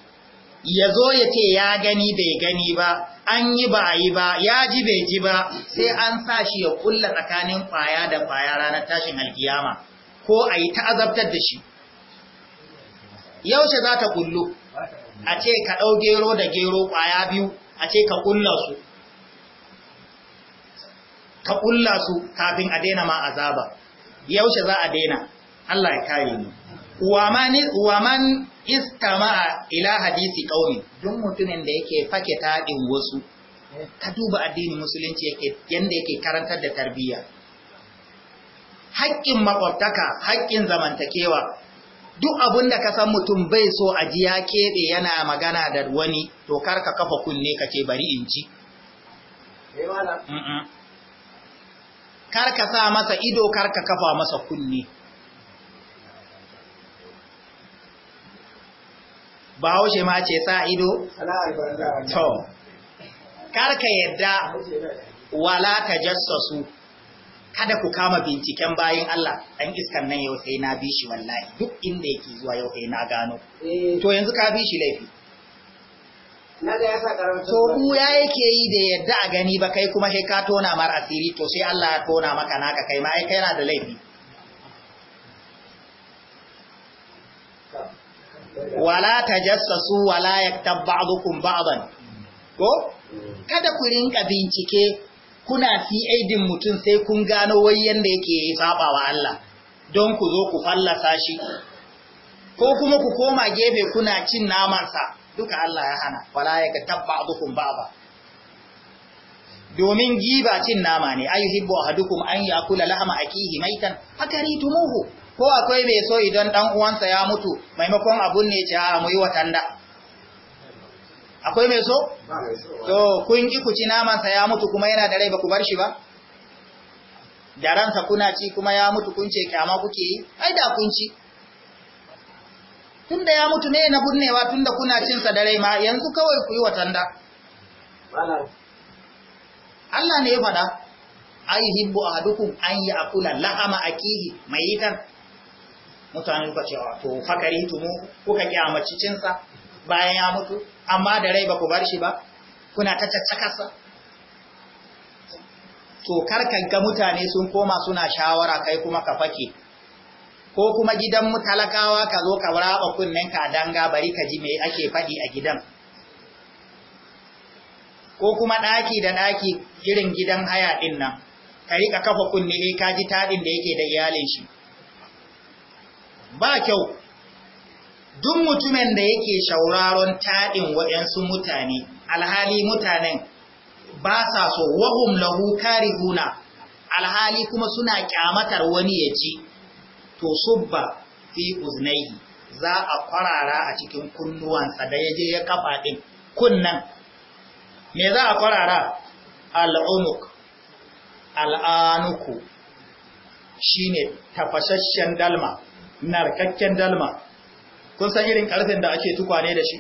ya zo ya ce ya gani bai gani ba an yi ba a yi ba ya ji bai ji ba sai an sa shi ya kulla tsakanin kwaya da kwaya ranar tashin alkiyama ko a yi ta'azabtar da shi yaushe za ta kullu a ce ka ɗau gero da gero kwaya biyu a ce ka kulla su ka kulla su kafin a daina ma azaba yaushe za a daina Allah ya kare ni. wa man istama'a ila hadisi qaumi Don mutumin da yake fake taɗin wasu ka duba addinin musulunci yadda yake karantar da tarbiyya haƙƙin makwabtaka haƙƙin zamantakewa duk abinda ka san mutum bai so a ji ya keɓe yana magana da wani to kar ka kafa kunne ka bari in ji eh, kar ka sa masa ido kar ka kafa masa kunne ba haushe ma ce sa ido to ka yadda wala ta su, kada ku kama binciken bayan Allah ɗan iskan nan yau sai na bishi wallahi duk inda yake zuwa yau sai na gano eh. to yanzu ka bishi laifi To yasa ya yake yi da yadda a gani ba kai kuma sai ka tona mara asiri to sai Allah ya tona maka naka kai ma na da laifi wala tajassasu wala yaktab ba'dukum ba'dan ko kada ku rinka bincike kuna fi aidin mutum sai kun gano wai yanda yake sabawa Allah don ku zo ku fallasa shi ko kuma ku koma gefe kuna cin sa duka Allah ya hana wala yaktab ba'dukum ba'dan domin giba cin nama ne ayyuhibbu ahadukum an yakula lahma akihi maitan akaritumuhu ko akwai mai so idan dan uwansa ya mutu maimakon abun ne ce a mu yi watanda akwai mai so to kun ki ku ci naman sa ya mutu kuma yana da rai ba ku bar shi ba da ransa kuna ci kuma ya mutu kun ce kyama kuke yi ai da kun ci tunda ya mutu ne na burnewa tunda kuna cin sa da rai ma yanzu kawai ku yi watanda Allah ne ya faɗa ai hibbu ahadukum an ya'kula lahama akihi mayitan mutane suka ce ah, to fakari tumu kuka kyamaci cinsa bayan ya mutu amma da rai ba ku bar shi ba kuna ta caccakarsa to ga mutane sun koma suna shawara kai kuma ka fake ko kuma gidan talakawa ka zo ka raba kunnen ka danga bari ka ji me ake faɗi a gidan ko kuma ɗaki da ɗaki irin gidan haya ɗin nan ka riƙa kafa kunne ka ji taɗin da yake da iyalin shi ba kyau duk mutumin da yake shauraron taɗin waɗansu mutane alhali mutanen ba sa so wahum lahu karihuna alhali kuma suna kyamatar wani ya ci to subba fi uznai za a kwarara a cikin kunnuwansa da ya je ya kafa ɗin kunnan me za a kwarara al'unuk al'anuku shine tafashashen dalma narkakken dalma kun san irin karfin da ake tukwane da shi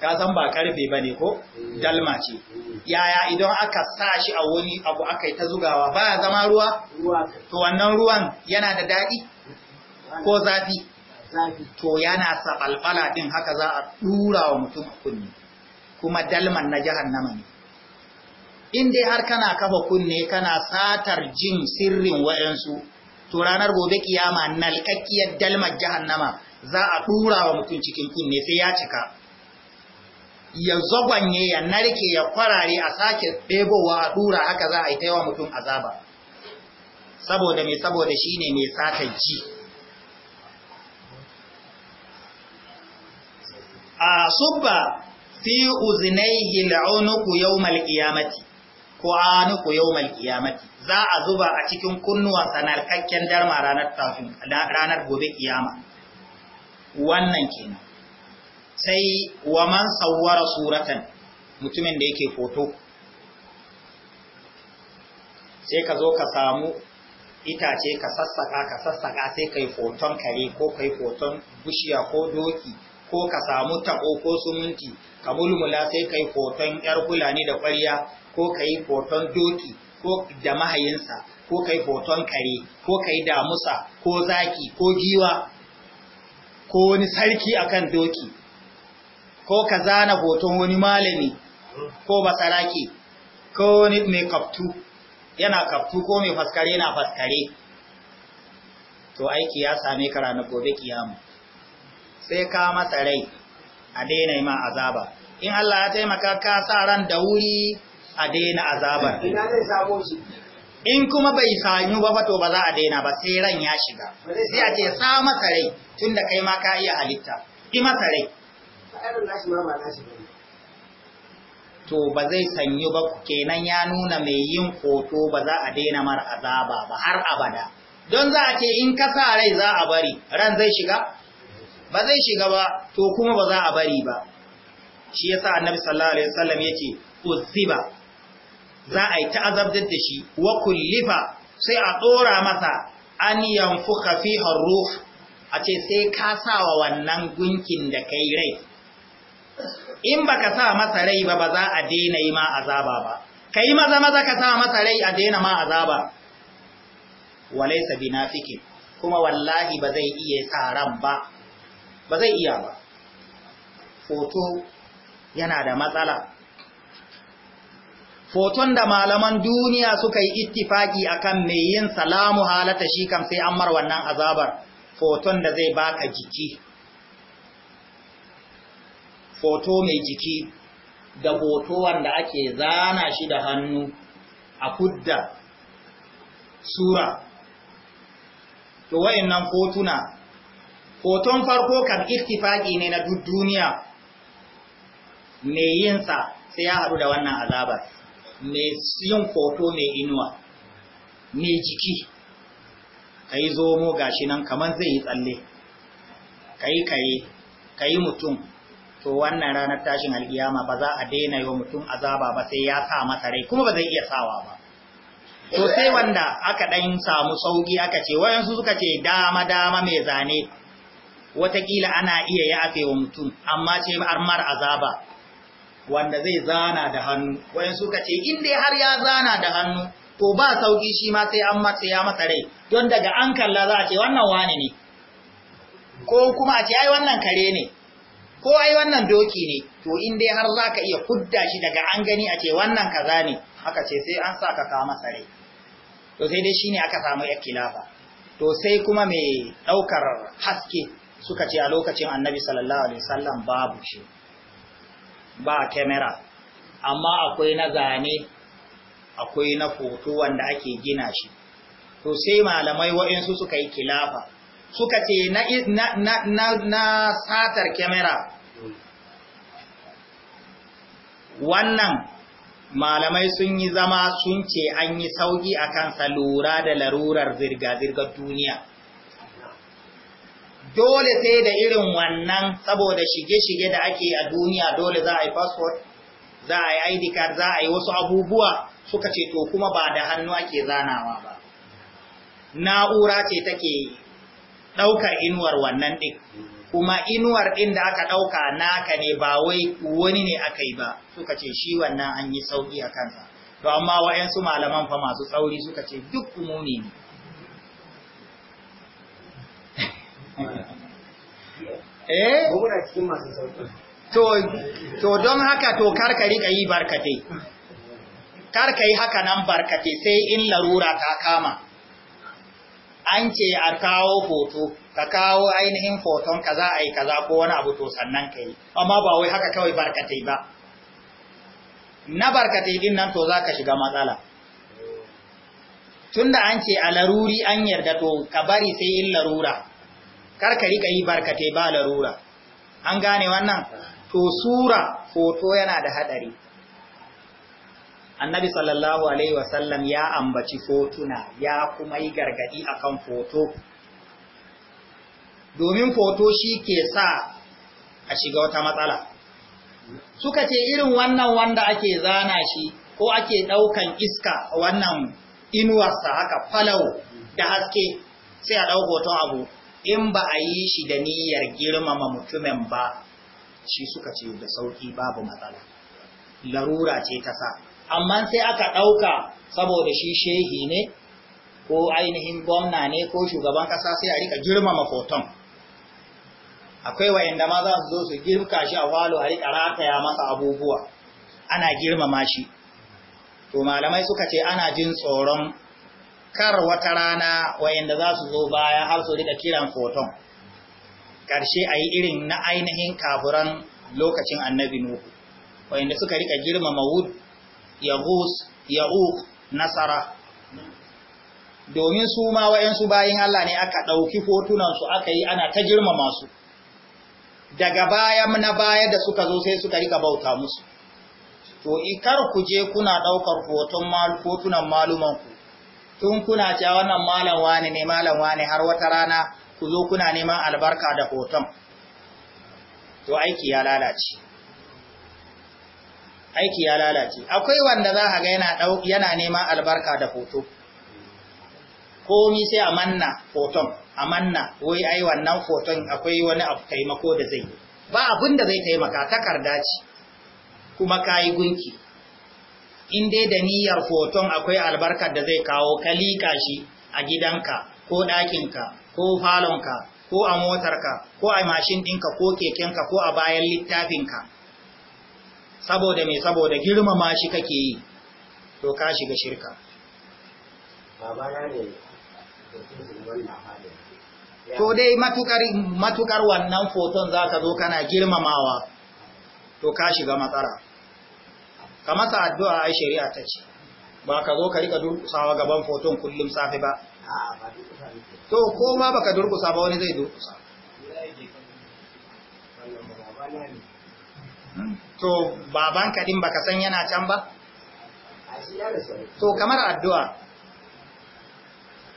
ka san ba karfe ba ne ko eh. dalma ce eh. yaya idan aka sa shi a wani abu aka yi ta zugawa ba zama ruwa to wannan ruwan yana da daɗi ko zafi to yana saɓalɓala ɗin haka za a ɗura wa mutum a kunni kuma dalman na jahannama ne in dai har kana kafa kunne kana satar jin sirrin wa'yansu to ranar gobe kiyama nalƙakkiyar dalmar jahannama za a ɗura wa mutum cikin kunne sai ya cika ya zagwanye ya narke ya kwarare a sake ɗebowa a ɗura haka za a yi taiwa mutum azaba saboda mai saboda shi ne mai satanci a subba fi uzinai la'unuku yau qiyamati ku yawmal qiyamati za a zuba a cikin kunnuwa sanar kakken darma ranar tafin ranar gobe kiyama wannan kenan sai wa man sawwara suratan mutumin da yake foto sai ka zo ka samu itace ka sassaka ka sassaka sai kai foton kare ko kai foton bushiya ko doki ko ka samu tabo ko suminti ka mulmula sai kai foton yar fulani da ƙwarya ko ka yi hoton doki ko da mahayinsa ko ka yi hoton kare ko ka yi damusa ko zaki ko giwa ko wani sarki akan doki ko ka zana hoton wani malami ko basaraki ko wani mai kaftu yana kaftu ko mai faskare yana faskare to aiki ya same ka ranar gobe kiyamu sai ka masa rai a daina ma azaba in Allah ya taimaka ka sa ran da wuri a daina azabar in kuma bai sanyu ba fato ba za a daina ba sai ran ya shiga sai a ce sa masa rai Tunda kai ma ka iya halitta ki masa rai to ba zai sanyu ba kenan ya nuna mai yin hoto ba za a daina mara azaba ba har abada don za a ce in ka sa rai za a bari ran zai shiga ba zai shiga ba to kuma ba za a bari ba shi yasa annabi sallallahu alaihi wasallam yace uziba za a yi ta'azabtar da shi wa kullifa sai a ɗora masa an yanfuka fiha ruh a ce sai ka sa wa wannan gunkin da kai rai in ba ka sa masa rai ba ba za a daina yi ma azaba ba kai maza maza ka sa masa rai a daina ma azaba walaysa binafikin kuma wallahi ba zai iya tsaran ba ba zai iya ba foto yana da matsala foton da malaman duniya suka yi ittifaki akan mai yin salamu halata shi kam sai an mar wannan azabar foton da zai baka jiki foto mai jiki da hoto wanda ake zana shi da hannu a kudda sura to wayannan hotuna hoton farko kan ittifaki ne na duk duniya mai yinsa sai ya haɗu da wannan azabar mai yin foto mai inuwa mai jiki ka yi zomo gashi nan kamar zai yi tsalle ka yi kaye yi mutum to wannan ranar tashin alkiyama ba za a daina yi mutum azaba ba sai ya sa masa rai kuma ba zai iya sawa ba to sai wanda aka ɗan samu sauki aka ce wayansu suka ce dama dama mai zane watakila ana iya yafe wa mutum amma ce mar azaba wanda zai zana da hannu wayan suka ce in dai har ya zana da hannu to ba sauki shi ma sai an ya masa rai don daga an kalla za a ce wannan wani ne ko kuma a ce ai wannan kare ne ko ai wannan doki ne to in dai har za ka iya kudda shi daga an gani a ce wannan kaza ne aka ce sai an sa ka kama masa rai to sai dai shine aka samu ikilafa to sai kuma mai ɗaukar haske suka ce a lokacin annabi sallallahu alaihi wasallam babu shi ba kamera amma akwai na zane akwai na foto wanda ake gina shi to sai malamai wa'insu suka yi kilafa suka ce na, na, na, na satar kamera wannan malamai sun yi zama sun ce an yi sauki akan kansa lura da larurar zirga-zirgar duniya dole sai da irin wannan saboda shige-shige da ake a duniya dole za a yi passport za a yi ID card za a yi wasu abubuwa suka ce to kuma ba da hannu ake zanawa ba na'ura ce take ɗaukar inuwar wannan ɗin kuma inuwar ɗin da aka ɗauka naka ne ba wai wani ne aka yi ba suka ce shi wannan an yi sauƙi a kansa to amma wa'yansu malaman fa masu tsauri suka ce duk umuni ne eh cikin masu to don haka to kar ka rika yi barkatai kar ka yi haka nan barkatai sai in larura ta kama an ce a kawo hoto ka kawo ainihin hoton kaza yi kaza ko wani abu to sannan ka yi amma ba wai haka kawai barkatai ba na barkatai din nan to za ka shiga matsala tunda an ce a laruri an yarda to ka bari sai in larura kar ka rika yi barkatai ba larura an gane wannan to sura foto yana da hadari annabi sallallahu alaihi wasallam ya ambaci fotuna ya kuma yi gargadi akan foto domin foto shi ke sa a shiga wata matsala suka ce irin wannan wanda ake zana shi ko ake daukan iska wannan inuwarsa haka falau da haske sai a dauko ta abu in ba a yi shi da niyyar girmama mutumin ba shi suka ce da sauki babu matsala larura ce ta sa amma sai aka ɗauka saboda shi shehi ne ko ainihin gwamna ne ko shugaban ƙasa sai a rika girmama foton. akwai wa'inda ma za su zo su girka shi a walo a rika rataya masa abubuwa ana girmama shi to malamai suka ce ana jin tsoron kar wata rana wayanda za su zo baya har su rika kiran foton ƙarshe a yi irin na ainihin kafuran lokacin annabi nuhu wayanda suka rika girmama wud yahus ya'uq nasara domin su ma wayansu bayin Allah ne aka ɗauki hotunansu aka yi ana ta girmama su daga baya na baya da suka zo sai suka rika bauta musu to ikar ku je kuna ɗaukar hotunan malumanku tun kuna cewa wannan malam wane ne malam wane har wata rana ku zo kuna neman albarka da hoton to aiki ya lalace aiki ya lalace akwai wanda za ka ga yana yana neman albarka da hoto komi sai a manna hoton a manna wai ai wannan hoton akwai wani abu taimako da zai yi ba abin da zai taimaka takarda ce kuma yi gunki in dai da niyyar foton, akwai albarkar da zai kawo ka liƙa shi a gidanka ko ɗakinka ko falonka ko a motarka ko a mashin ɗinka ko kekenka ko a bayan littafinka saboda mai saboda girmama shi kake yi to ka shiga shirka to dai matukar matukar wannan foton zaka zo kana girmamawa to ka shiga matsala ka masa addu'a ai shari'a ta ce ba ka zo ka rika durkusawa gaban foton kullum safe ba to ko ma baka durkusa ba wani zai durkusa to baban ka din baka san yana can ba to kamar addu'a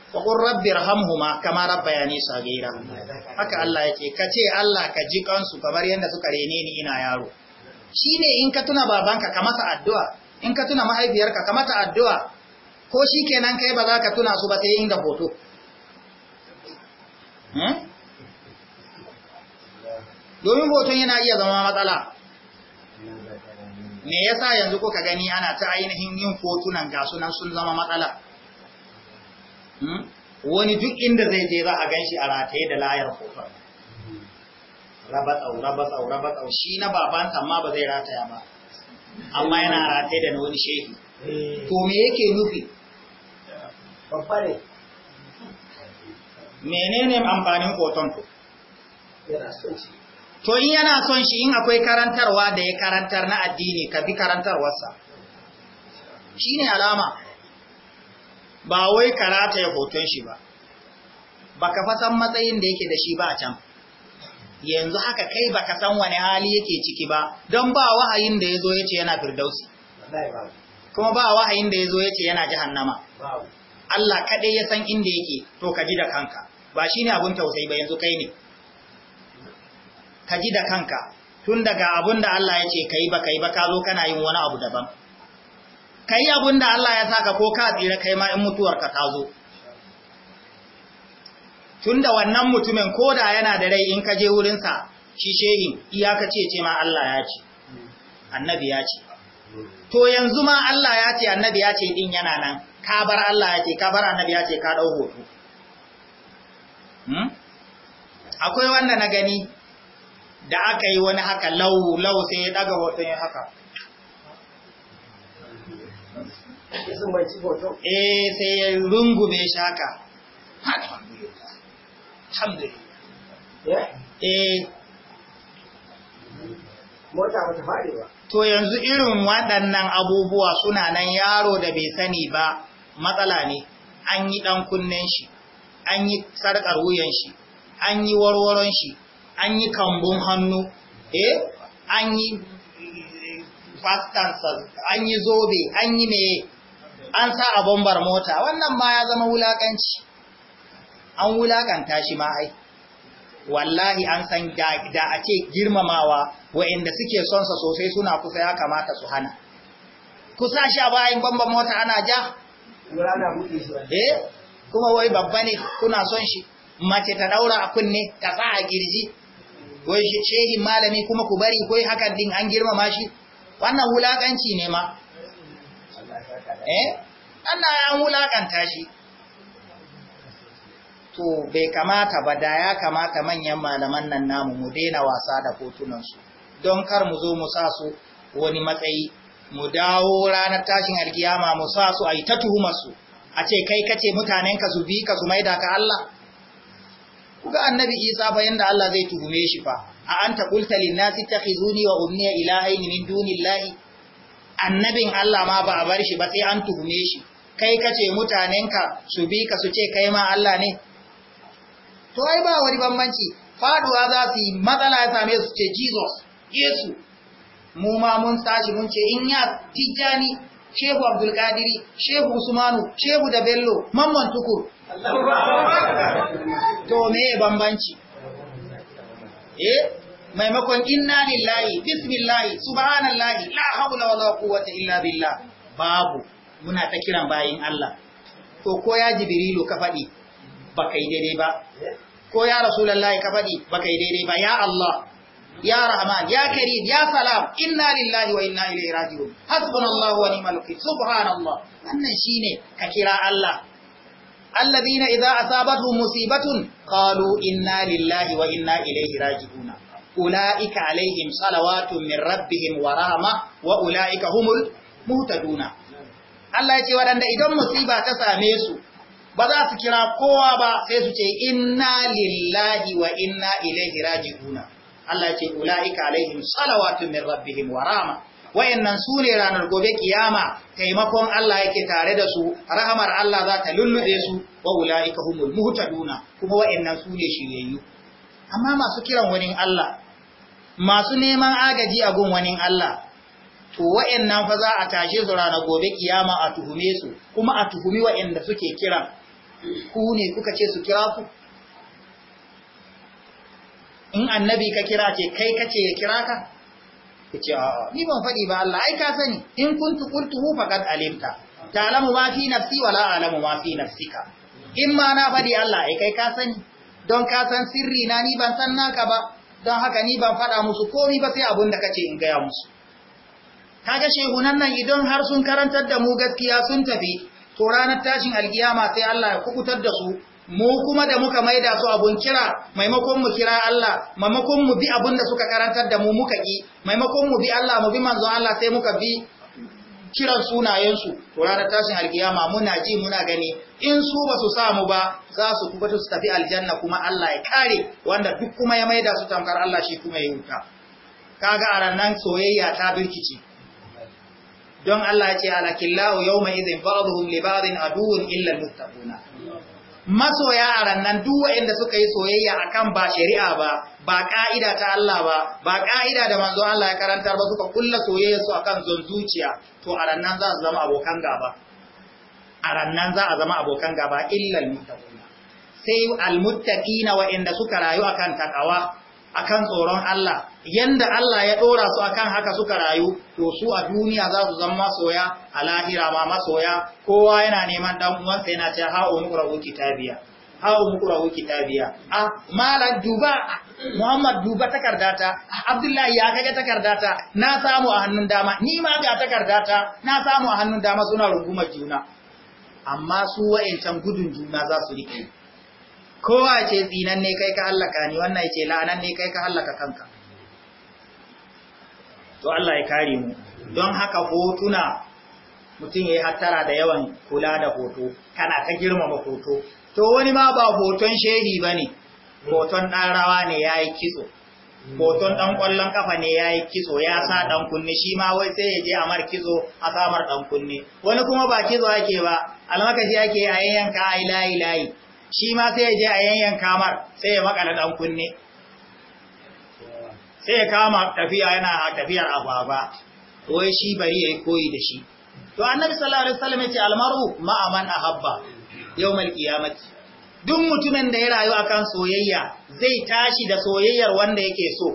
faƙon rabbi rahamhuma kama rabba sagira gaira haka Allah ya ce ka ce Allah ka ji kansu kamar yadda suka rene ni ina yaro Shi ne in ka tuna babanka ka masa addu'a in ka tuna mahaifiyarka ka mata addu'a ko shi kenan kai ba za ka tuna su ba sai inda hoto hmm? domin hoton yana iya zama matsala me sa yanzu kuka gani ana ta ainihin yin hotunan gasunan nan sun zama matsala hmm? wani duk inda zai je za a gan shi a rataye da layar hoton Rabat rabat au rabat au shi na babansa amma ba zai rataya ba amma yana rataye da wani shehu hmm. to me yake nufi babba ne menene amfanin hoton to to in yana son shi in akwai karantarwa da ya karantar na addini ka bi karantarwarsa shi ne alama ba wai karata ya hoton shi ba ba ka fasan matsayin da yake da shi ba a can yanzu haka kai baka san wani hali yake ciki ba don ba wahayin da yazo yace yana firdausi kuma ba wahayin da yazo yace yana jahannama Allah kadai ya san inda yake to ka ji da kanka ba shine abun tausayi ba yanzu kai ne ka ji da kanka tun daga abun da Allah yace kai ba kai ba ka zo kana yin wani abu daban kai abun da Allah ya saka ko ka tsira kai ma in mutuwar ka ta zo tunda wannan mutumin koda yana da rai in ka je wurinsa shi shehin iyaka ce ce ma Allah ya ce annabi ya ce to yanzu ma Allah ya ce annabi ya ce din yana nan ka bar Allah ya ce ka bar annabi ya ce ka dau hoto hmm? akwai wanda na gani da aka yi wani haka lau lau sai ya daga hoton haka eh sai ya rungume shi haka alhamdulillah eh mota to yanzu irin waɗannan abubuwa suna nan yaro da bai sani ba matsala ne an yi ɗan kunnen shi an yi sarƙar wuyan shi an yi warwaron shi an yi kambun hannu eh an yi fastansa an yi zobe an yi me an sa a bombar mota wannan ma ya zama wulaƙanci an wulakanta shi ma ai wallahi an san da a ce girmamawa wa'inda suke son sa sosai suna kusa ya kamata su hana kusa sha bayan bamban mota ana ja eh kuma wai babba ne kuna son shi mace ta daura a kunne ta sa a girji wai shehin malami kuma ku bari koi hakan din an girmama shi wannan wulakanci ne ma eh Allah ya eh, wulakanta shi to bai kamata ba da ya kamata manyan malaman nan namu mu daina wasa da kotunansu don kar mu zo mu sa su wani matsayi mu dawo ranar tashin alkiyama mu sa su a yi ta tuhumarsu a ce kai kace ka su bi ka su maida ka Allah kuga annabi isa ba yanda Allah zai tuhume shi fa a anta qulta lin nasi takhizuni wa umniya ilahayn min dunillahi annabin Allah ma ba a bar shi ba sai an tuhume shi kai kace ka su bi ka su ce kai ma Allah ne to ai ba wani bambanci faduwa za su yi matsala ya same su ce jesus yesu mu ma mun tashi mun ce in ya tijjani shehu abdulkadiri shehu usmanu shehu da bello mamman tukur to me bambanci eh maimakon inna lillahi bismillahi subhanallahi la haula wala quwwata illa billah babu muna ta kiran bayin Allah to ko ya jibrilu ka faɗi ba kai daidai ba ko ya rasulullahi ka faɗi baka yi daidai ba ya Allah ya rahman ya karim ya salam inna lillahi wa inna ilaihi raji'un hasbunallahu wa ni'mal wakeel subhanallah wannan shine ka kira Allah alladhina idza asabatuhum musibatun qalu inna lillahi wa inna ilaihi raji'un ulaika alaihim salawatun min rabbihim wa rahma wa ulaika humul muhtaduna Allah ya ce waɗanda idan musiba ta same su ba za su kira kowa ba sai su ce inna lillahi wa inna ilaihi raji'una Allah ce ulaika alaihim salawatu min rabbihim wa rahma wayannan sune ranar gobe kiyama taimakon Allah yake tare da su rahamar Allah za ta lullube su wa ulaika humul muhtaduna kuma wayannan su ne shiryayyu amma masu kiran wani Allah masu neman agaji a gun wani Allah to wa'annan fa za a tashe su ranar gobe kiyama a tuhume su kuma a tuhumi wa'anda suke kiran ku ne kuka ce su kira ku in annabi ka kira ce kai ka ce ya kira ka ku ce a ni ban faɗi ba Allah ai ka sani in kuntu hu faqad alimta ta'lamu ma fi nafsi wala a'lamu ma fi nafsika in ma na faɗi Allah ai kai ka sani don ka san sirri na ni ban san naka ba don haka ni ban faɗa musu komai ba sai abin da kace in gaya musu kaga shehunan nan idan har sun karantar da mu gaskiya sun tafi to ranar tashin alkiyama sai Allah ya kubutar da su mu kuma da muka maida su abun kira maimakon mu kira Allah maimakon mu bi abun da suka karantar da mu muka ki maimakon mu bi Allah mu bi manzon Allah sai muka bi kiran sunayensu to ranar tashin alkiyama muna ji muna gani in su ba su samu ba za su kubatu su tafi aljanna kuma Allah ya kare wanda duk kuma ya maida su tamkar Allah shi kuma ya yi wuta kaga a nan soyayya ta birkice don Allah ce alakillahu yawma idhin ba'dhum li ba'dhin aduwwun illa almuttaquna masoya a rannan duk waɗanda suka yi soyayya akan ba shari'a ba ba ƙa'ida ta Allah ba ba ƙa'ida da manzo Allah ya karantar ba suka kulla soyayya su akan zon zuciya to a rannan za su zama abokan gaba a rannan za a zama abokan gaba illa almuttaquna sai almuttaqina waɗanda suka rayu akan takawa akan tsoron Allah yanda Allah ya dora su akan haka suka rayu to su a duniya za su zama masoya a lahira ma masoya kowa yana neman dan uwansa yana cewa ha'u muqra'u kitabiya ha'u muqra'u kitabiya a ah, mala duba Muhammad duba takardata ah, Abdullahi ya kaga takardata na samu a hannun dama ni ma ga takardata na samu a hannun dama suna rungumar juna amma su wa'ancan gudun juna za su rike kowa ce zinan ne kai ka hallaka ni wannan ce la'anan ne kai ka hallaka kanka to Allah ya kare mu don haka hotuna mutum ya yi hattara da yawan kula da hoto kana ta girmama hoto to wani ma ba hoton shehi ba ne hoton ɗan rawa ne ya yi kitso hoton ɗan ƙwallon ƙafa ne ya yi kitso ya sa ɗan kunne shi ma wai sai ya je a mar kitso a samar ɗan kunne wani kuma ba kitso ake ba almakashi ake a yanka a layi layi shi ma sai ya je a yanyan kamar sai ya makana dan kunne sai ya kama tafiya yana tafiyar agwagwa to wai shi bari yayi koyi da shi to annabi sallallahu alaihi wasallam ya ce almaru ma aman ahabba yawmal qiyamati duk mutumin da ya rayu akan soyayya zai tashi da soyayyar wanda yake so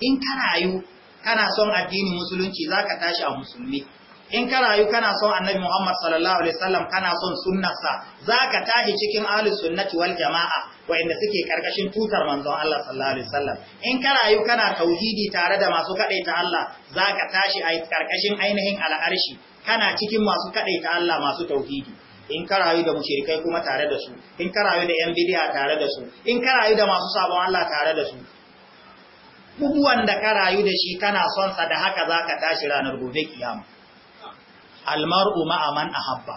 in ka rayu kana son addinin musulunci zaka tashi a musulmi in ka rayu kana son annabi Muhammad sallallahu alaihi wasallam kana son sunnarsa zaka tashi cikin ahlus sunnati wal jamaa wa'inda suke karkashin tutar manzon Allah sallallahu alaihi wasallam in ka rayu kana tauhidi tare da masu kadaita Allah zaka tashi a karkashin ainihin al'arshi kana cikin masu kadaita Allah masu tauhidi in ka rayu da mushrikai kuma tare da su in ka rayu da yan bid'a tare da su in ka rayu da masu sabon Allah tare da su duk wanda ka rayu da shi kana son sa da haka zaka tashi ranar gobe kiyama almar'u ma'a man habba.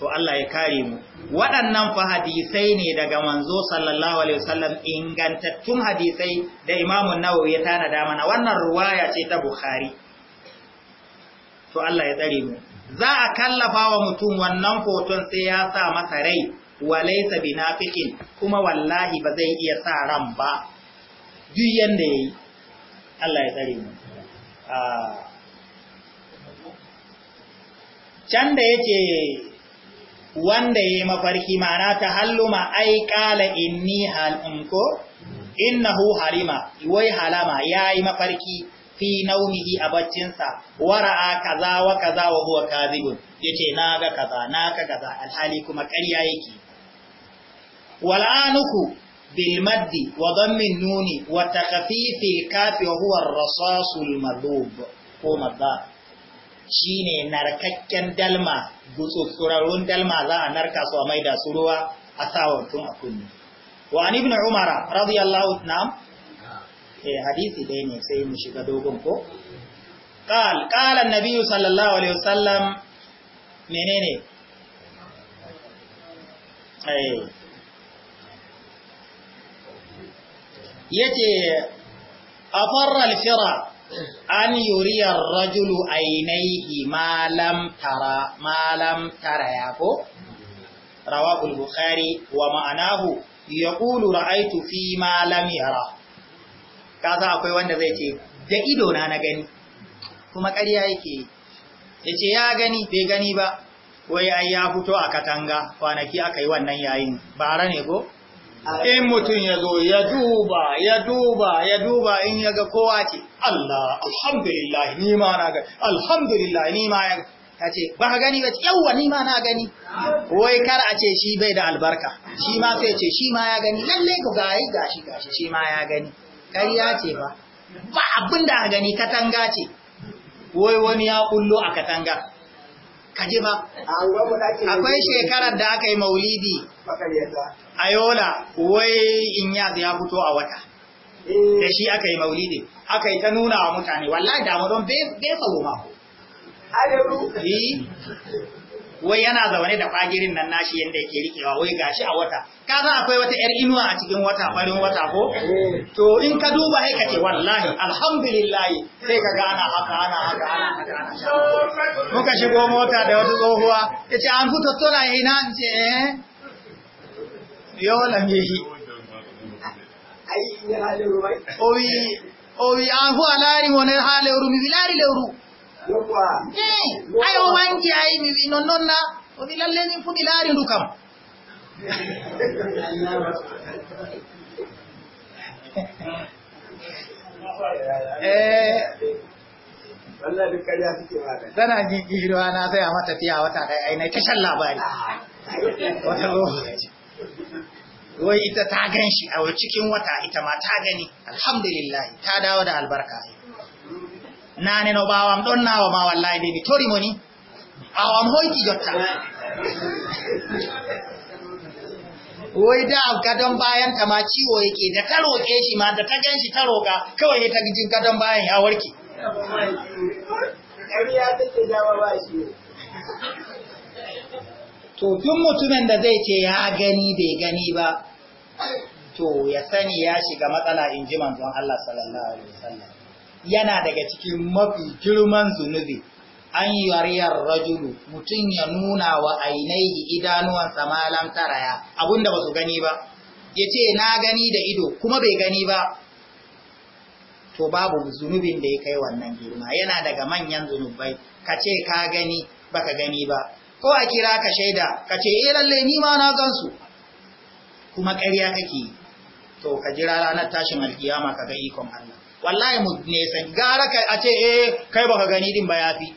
to Allah ya kare mu waɗannan fa hadisai ne daga manzo sallallahu alaihi wasallam ingantattun hadisai da Imamun Nawawi ya tanada mana wannan ruwaya ce ta Bukhari to Allah ya tsare mu za a kallafa wa mutum wannan hoton sai ya sa masa rai wa laysa binafiqin kuma wallahi ba zai iya sa ran ba duk yanda yayi Allah ya tsare mu ah can da yake wanda ya mafarki mana ta halluma ai kala inni halinko innahu harima wai halama yayi mafarki fi naumihi a baccinsa wara'a kaza wa kaza wa huwa kadhibun yace naga kaza naga kaza alhali kuma ƙarya yake wal'anuku bil maddi wa dhammin nuni wa takhfifil kafi wa huwa ar-rasasul madhub ko madhab shine narkakken dalma gutsurarun dalma za a narka su a maida su ruwa a sawantun a kunni wa an ibn umar radiyallahu anhu eh hadisi dai ne sai mu shiga dogon ko qal qala an sallallahu alaihi wasallam menene eh yace afarra al firaq an yuriyar rajulu ainihi malam tara malam tara ya ko rawahul bukhari wa ma'anahu yaqulu ra'aytu fi ma lam yara kaza akwai wanda zai ce da ido na na gani kuma ƙarya yake yace ya gani bai gani ba wai ai ya fito a katanga kwanaki aka yi wannan yayin bara ne ko in mutum ya zo ya duba ya duba ya duba in ya ga kowa ce Allah alhamdulillah ni ma na gani alhamdulillah ni ma ya ta ce ba ka gani ba ce yawwa ni ma na gani wai kar a ce shi bai da albarka shi ma sai ce shi ma ya gani lalle ku gayi gashi gashi shi ma ya gani ya ce ba ba abin da gani katanga ce wai wani ya kullo a katanga kaje ba akwai shekarar da aka yi maulidi a yola wai in ya fito a wata eh. da shi aka yi maulidi aka yi ta nuna wa mutane wallahi damu don bai tsaro mako wai yana zaune da fagirin nan nashi yanda yake rikewa wai gashi a wata ka san akwai wata yar inuwa a cikin wata farin wata ko to in ka duba sai ka ce wallahi alhamdulillah sai ka ga ana haka ana haka ana haka muka shigo mota da wata tsohuwa yace an fito yayi ina ce eh yola mihi ai ya halu mai owi owi an fu alari monar haleru mi bilari lauru Eh, ayo wangi ayi mi wi non non na o fudi kam eh kariya tana na sai a mata fiya wata kai ai na kashin labari ah. wata wai ita ta gan shi a cikin wata ita ma ta gani alhamdulillah ta dawo da albarka nane no bawam ɗon nawa ma wallahi de mi tori ni ɓawo am jotta wai da gadon bayan ta ma ciwo yake da ta roƙe shi ma da ta gan shi ta roƙa kawai ne ta jin gadon bayan ya warke to tun mutumin da zai ce ya gani bai gani ba to ya sani ya shiga matsala in ji manzon Allah sallallahu alaihi wasallam yana daga cikin mafi girman zunubi an yariyar rajulu mutum ya nuna wa ainihi idanuwansa malam taraya abinda ba su gani ba ya ce na gani da ido kuma bai gani ba to babu zunubin da ya kai wannan girma yana daga manyan zunubai ka ce ka gani baka gani ba ko a kira ka shaida ka ce eh lalle ni ma na gansu kuma ƙarya kake to ka jira ranar tashin alkiyama ka ga ikon Allah wallahi mu nesa gara kai a ce eh kai baka gani din ba yafi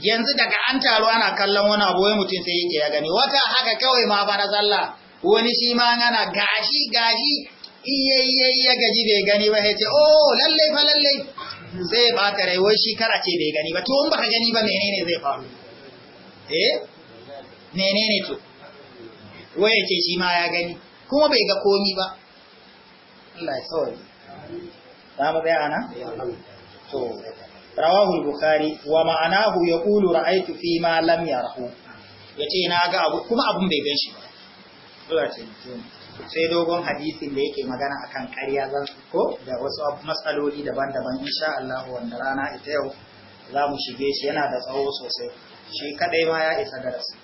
yanzu daga an taro ana kallon wani abu wai mutum sai yake ya gani wata haka kawai ma fara zalla wani shi ma ana gashi gashi iyayi ya gaji bai gani ba ya ce oh lalle fa lalle zai bata rai wai shi kara ce bai gani ba to in baka gani ba menene zai faru eh menene to wai ya ce shi ma ya gani kuma bai ga komi ba Allah ya saurari za mu tsaya nan to rawahu al-bukhari wa ma'anahu yaqulu ra'aytu fi ma lam yarahu yace na ga abu kuma abun bai gan shi ba ce sai dogon hadisin da yake magana akan ƙarya zan ko da wasu matsaloli daban-daban insha Allah wanda rana ita yau za mu shige shi yana da tsawo sosai shi kadai ma ya isa darasi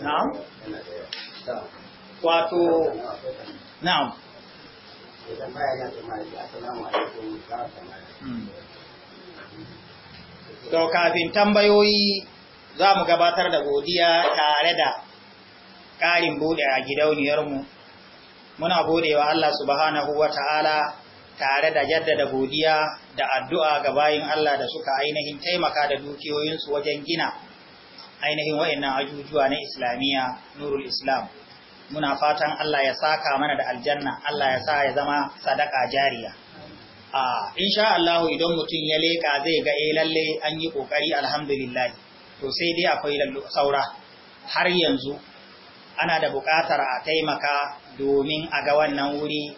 na'am wato na'am to kafin tambayoyi za mu gabatar da godiya tare da ƙarin bude a gidauniyarmu muna wa Allah subhanahu wa ta'ala tare da jaddada godiya da addu'a ga bayin Allah da suka ainihin taimaka da dukiyoyinsu wajen gina ainihin wa'in nan ajujuwa na islamiyya nurul islam muna fatan Allah ya saka mana da aljanna Allah ya sa ya zama sadaka jariya a insha Allah idan mutum ya leka zai ga eh lalle an yi kokari alhamdulillah to sai dai akwai saura har yanzu ana da buƙatar a taimaka domin a ga wannan wuri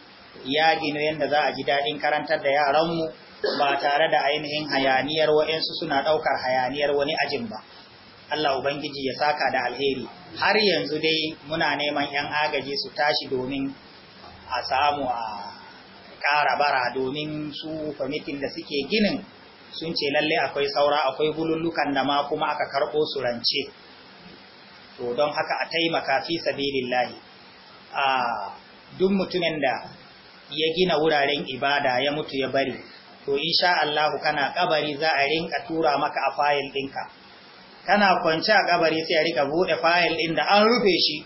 ya gino yadda za a ji daɗin karantar da yaranmu ba tare da ainihin hayaniyar wayansu suna ɗaukar hayaniyar wani ajin ba Allah Ubangiji ya saka da alheri har yanzu dai muna neman 'yan agaji su tashi domin a samu a ƙara bara domin su kwamitin da suke ginin sun ce lalle akwai saura akwai bulullukan da ma kuma aka karɓo su rance to don haka a taimaka fi sabilillahi a duk mutumin da ya gina wuraren ibada ya mutu ya bari to insha Allah kana kabari za a rinka tura maka a fayil ɗinka kana kwance a kabari sai a rika bude fayil din da an rufe shi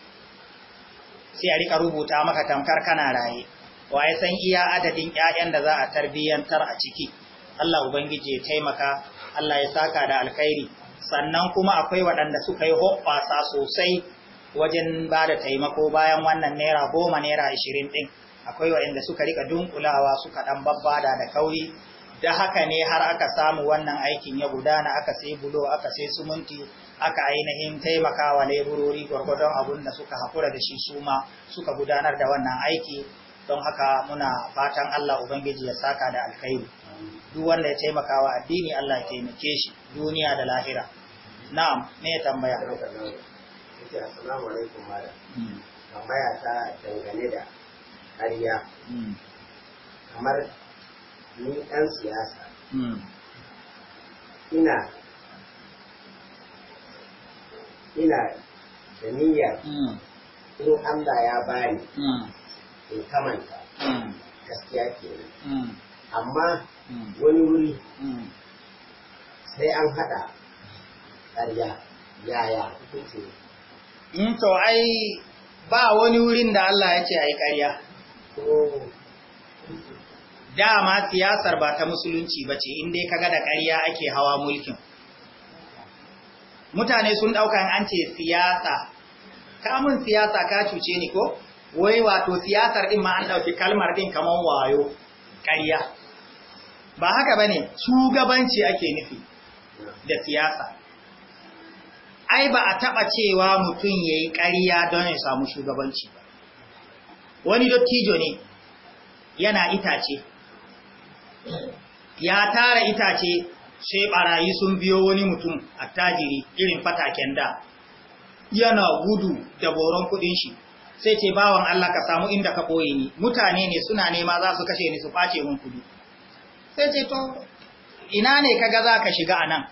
sai a rika rubuta maka tamkar kana raye waye san iya adadin ƴaƴan da za a tarbiyantar a ciki Allah ubangiji ya taimaka Allah ya saka da alkhairi sannan kuma akwai waɗanda suka yi hoɓɓasa sosai wajen ba da taimako bayan wannan naira goma naira ashirin ɗin akwai waɗanda suka rika dunkulawa suka ɗan babbada da kauri da haka ne har aka samu wannan aikin ya gudana aka sai bulo aka sai sumunti aka ainihin taimakawa laburori gwargwadon abun da suka haƙura da shi suma suka gudanar da wannan aiki don haka muna fatan Allah Ubangiji ya saka da alkhairi duk wanda ya taimakawa addini Allah ya taimake shi duniya da lahira na'am me ya tambaya assalamu alaikum tambaya ta dangane da kariya hmm. kamar ni ɗan siyasa hmm. ina ina da niyyar hmm. in Allah ya bani hmm. in kamanta gaskiya kenan amma wani wuri sai an haɗa ƙarya yaya hukunci in to ai ba wani wurin da Allah ya ce a yi ƙarya oh. dama siyasar ba ta musulunci ba ce inda ka ga da ƙarya ake hawa mulkin mutane sun ɗauka an ce siyasa kamun siyasa ka cuce ni ko wai wato siyasar ɗin ma an ɗauki kalmar ɗin kamar wayo ƙarya ba haka ba ne shugabanci ake nufi da siyasa ai ba a taɓa cewa mutum ya yi ƙarya don ya samu shugabanci ba wani dottijo ne yana itace ya tara itace sai barayi sun biyo wani mutum a tajiri irin fataken da yana gudu da boron kudin shi sai ce bawan Allah ka samu inda ka boye ni mutane ne suna nema za su kashe ni su face mun kudi sai ce to ina ne kaga za ka shiga anan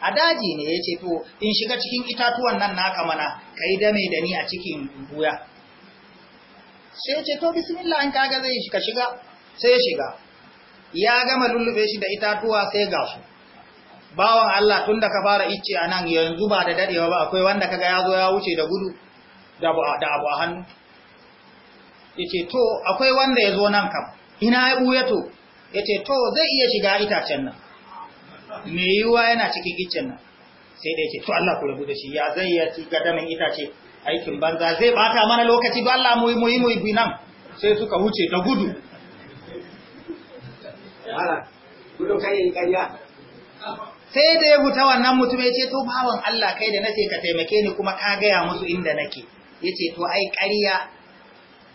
a daji ne ya ce to in shiga cikin itatuwan nan naka mana ka yi dame da ni a cikin buya sai ya ce to bismillah in kaga zai shiga sai ya shiga ya gama lullube shi da itatuwa sai ga su bawan Allah tun da ka fara icce a nan yanzu ba da dadewa ba akwai wanda kaga ya zo ya wuce da gudu da abu a hannu yace to akwai wanda ya zo nan kam ina ya buya to yace to zai iya shiga itacen nan me yiwa yana cikin iccen nan sai da yace to Allah ku rubuta shi ya zai ya ci gadamin itace aikin banza zai bata mana lokaci ba Allah mu yi mu yi nan sai suka wuce da gudu kai ƙarya sai da ya huta wannan mutum ya ce to bawan Allah kai da nace ka taimake ni kuma ka gaya musu inda nake ya ce to ai ƙarya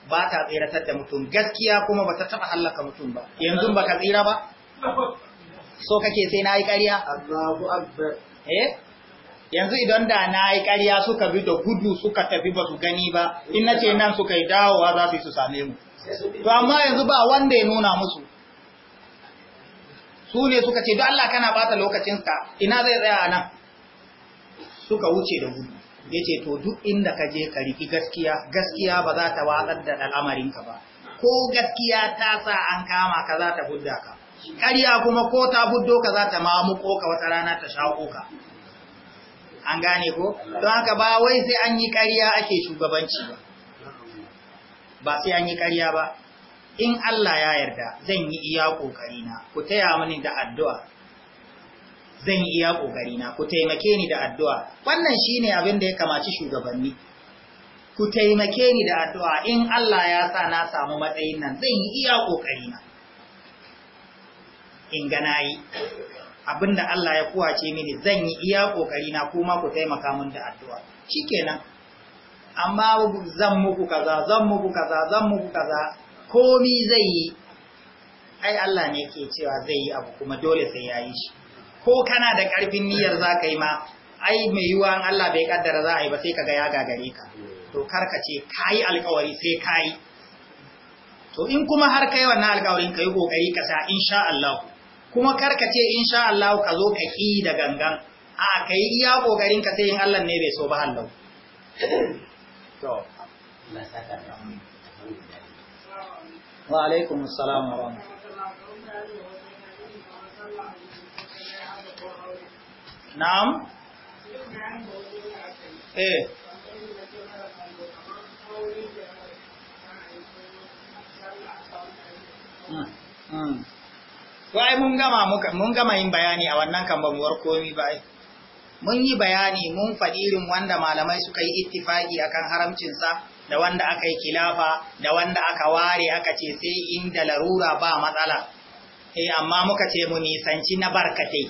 ba ta tsiratar da mutum gaskiya kuma ba ta taɓa hallaka mutum ba yanzu ba ka tsira ba so kake sai na yi ƙarya eh yanzu idan da na yi ƙarya suka bi da gudu suka tafi ba su gani ba in nace nan suka yi dawowa za su yi su same mu to amma yanzu ba wanda ya nuna musu su ne suka ce don Allah kana bata lokacinsa ina zai tsaya nan suka wuce da gudu ya ce to duk inda ka je ka riki gaskiya gaskiya ba za ta watsar da al'amarinka ba ko gaskiya ta sa an kama ka za ta budda ka ƙarya kuma ko ta buddo ka za ta mamuko ka wata rana ta shaƙo ka an gane ko don haka ba wai sai an yi ƙarya ake shugabanci ba ba sai an yi ƙarya ba in Allah ya yarda zan yi iya na ku taya mini da addu'a zan yi iya na ku taimake ni da addu'a wannan shine abin da ya kamaci shugabanni ku taimake ni da addu'a in Allah ya sa na samu matsayin nan zan yi iya na in ga nayi abinda Allah ya kuwace mini zan yi iya na kuma ku taimaka min da addu'a shikenan amma zan muku kaza zan muku kaza zan muku kaza komi zai yi ai Allah ne ke cewa zai yi abu kuma dole sai ya yi shi ko kana da ƙarfin niyyar za ka yi ma ai mai yiwuwa Allah bai kaddara za a yi ba sai ka ga ya gagare ka to karka ce ka yi alkawari sai ka yi to in kuma har kai wannan alkawarin ka yi kokari ka sa insha Allah kuma karka ce insha Allah ka zo ka ƙi da gangan a ka yi iya kokarin ka sai in Allah ne bai so ba Allah. to Allah saka وعليكم السلام ورحمة wa na'am eh Wai hmm. hmm. mun gama mun gama yin bayani a wannan kan ban komi ba ai. Mun yi bayani mun faɗi wanda malamai suka yi ittifaki akan haramcin sa da wanda aka yi kilafa da wanda aka ware aka ce sai inda larura ba matsala eh amma muka ce mu nisanci na barkatai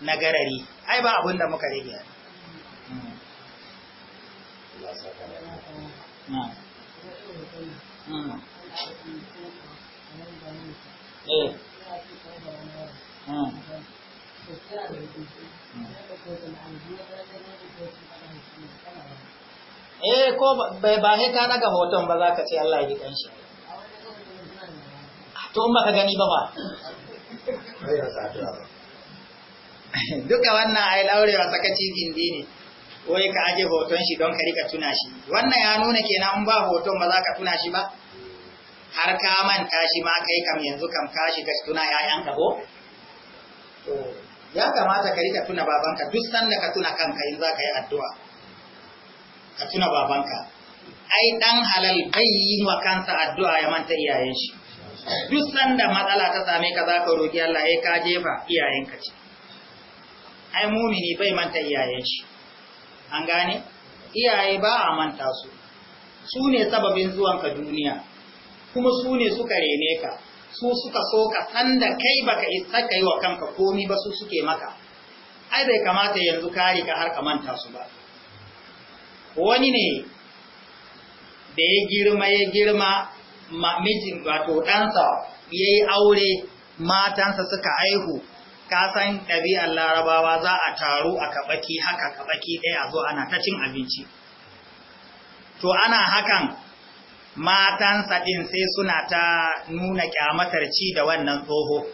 na garari ai ba abin da muka rage eh ko bai ba sai ka naga hoton ba za ka ce Allah ya ji kanshi ah, to in ka gani ba ba duka wannan ai laurewa sakaci gindi ne wai ka aje hoton shi don ka rika tuna shi wannan ya nuna kenan in ba hoton ba za ka tuna shi ba har ka manta shi ma kai kam yanzu kam ka shiga tuna ka ko ya kamata ka rika tuna babanka duk sanda ka tuna kanka in za ka yi addu'a ka tuna babanka ai dan halal bai yi wa kansa addu'a ya manta iyayen shi duk sanda matsala ta same ka zaka roki Allah ai ka jefa iyayenka ce ai mumini bai manta iyayen shi an gane iyaye ba a manta su su ne sababin zuwanka duniya kuma su ne suka rene ka su suka so ka sanda kai baka isa ka yi wa kanka komi ba su suke maka ai bai kamata yanzu kari ka har ka manta su ba wani ne da ya girma ya girma mijin wato ɗansa ya yi aure matansa suka aihu kasan ɗabi'ar larabawa za a taru a kaɓaki haka kaɓaki ɗaya a zo ana ta cin abinci to ana hakan matansa ɗin sai suna ta nuna ƙyamatar ci da wannan tsoho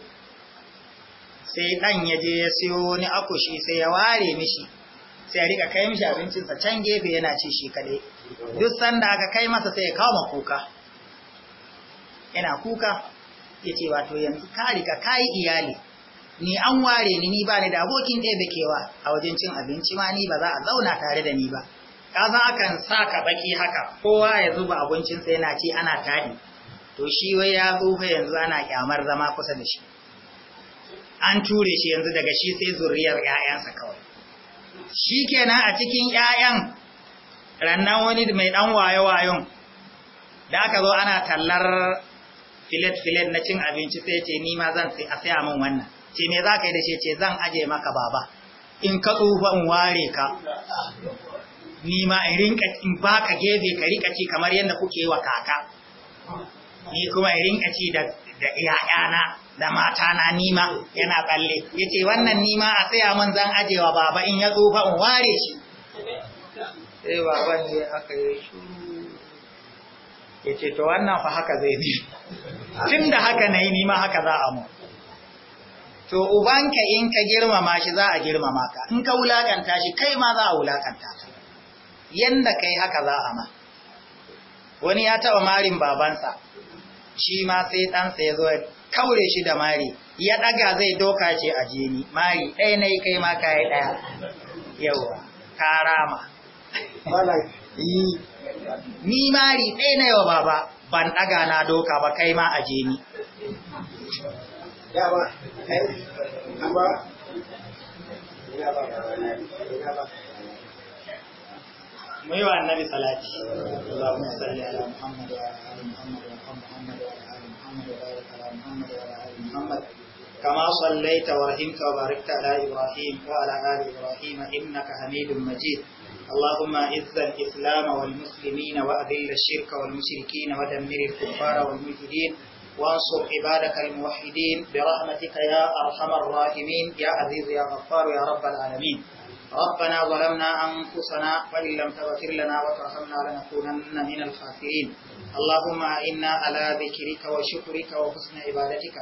sai ɗan ya je ya siyo wani akushi sai ya ware mishi sai rika kai mishi abincinsa can gefe yana ci shi kade duk sanda aka kai masa sai ya kawo kuka yana kuka yace wato yanzu ka rika kayi iyali ni an ware ni ni ba ni da abokin ɗebe kewa a wajen cin abinci ma ni ba za a zauna tare da ni ba ka za akan sa ka baki haka kowa ya zuba abincinsa yana ci ana tadi to shi wai ya tsufa yanzu ana kyamar zama kusa da shi an ture shi yanzu daga shi sai zuriyar 'ya'yansa kawai shi kenan a cikin ‘ya'yan rannan wani mai ɗan wayo-wayon da aka zo ana tallar filet-filet na cin abinci sai ce ni ma zan a saya min wannan ce me za ka yi da shi ce zan aje maka baba in ka tsufa in ware ka ni ma in rinka in baka gefe ka rika ci kamar yadda kuke wa kaka ni kuma in rinka ci da ‘ya'yana da mata na nima yana tsalle yace wannan nima a tsaya mun zan ajewa baba in ya tsufa in ware shi sai baban ne aka ya ya ce to wannan fa haka zai ne tun da haka na yi nima haka za a mu to ubanka in ka girmama shi za a girmama ka in ka wulakanta shi kai ma za a wulakanta ka yanda kai haka za a ma wani ya taɓa marin babansa shi ma sai ɗansa ya zo kaure shi da mari ya ɗaga zai doka ce a jini mari ɗaya na yi kai ma kayi ɗaya yawa karama ni mari ɗaya na yau baba ban ɗaga na doka ba kai ma a jini mu annabi salati Allahumma salli ala Muhammad wa ala Muhammad wa ala Muhammad wa ala محمد وعلى آل محمد كما صليت ورحمت وباركت على إبراهيم وعلى آل إبراهيم إنك حميد مجيد اللهم اعز الإسلام والمسلمين وأذل الشرك والمشركين ودمر الكفار والمجرمين وانصر عبادك الموحدين برحمتك يا أرحم الراحمين يا عزيز يا غفار يا رب العالمين ربنا ظلمنا أنفسنا وإن لم تغفر لنا وترحمنا لنكونن من الخاسرين اللهم إنا على ذكرك وشكرك وحسن عبادتك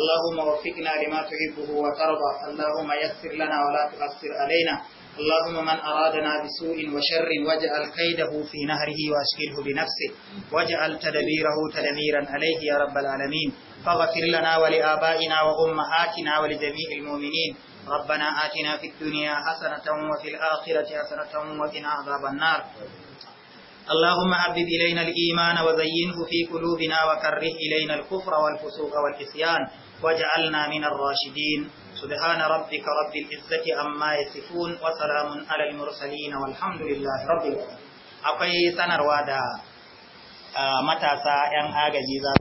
اللهم وفقنا لما تحبه وترضى اللهم يسر لنا ولا تؤثر علينا اللهم من أرادنا بسوء وشر واجعل كيده في نهره وأشكله بنفسه واجعل تدبيره تدميرا عليه يا رب العالمين فاغفر لنا ولآبائنا وأمهاتنا ولجميع المؤمنين ربنا آتنا في الدنيا حسنة وفي الآخرة حسنة وقنا عذاب النار اللهم حبب إلينا الإيمان وزينه في قلوبنا وكره إلينا الكفر والفسوق والعصيان واجعلنا من الراشدين سبحان ربك رب العزة عما يصفون وسلام على المرسلين والحمد لله رب العالمين akwai sanarwa da matasa 'yan agaji za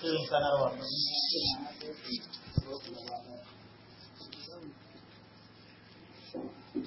su a sanarwa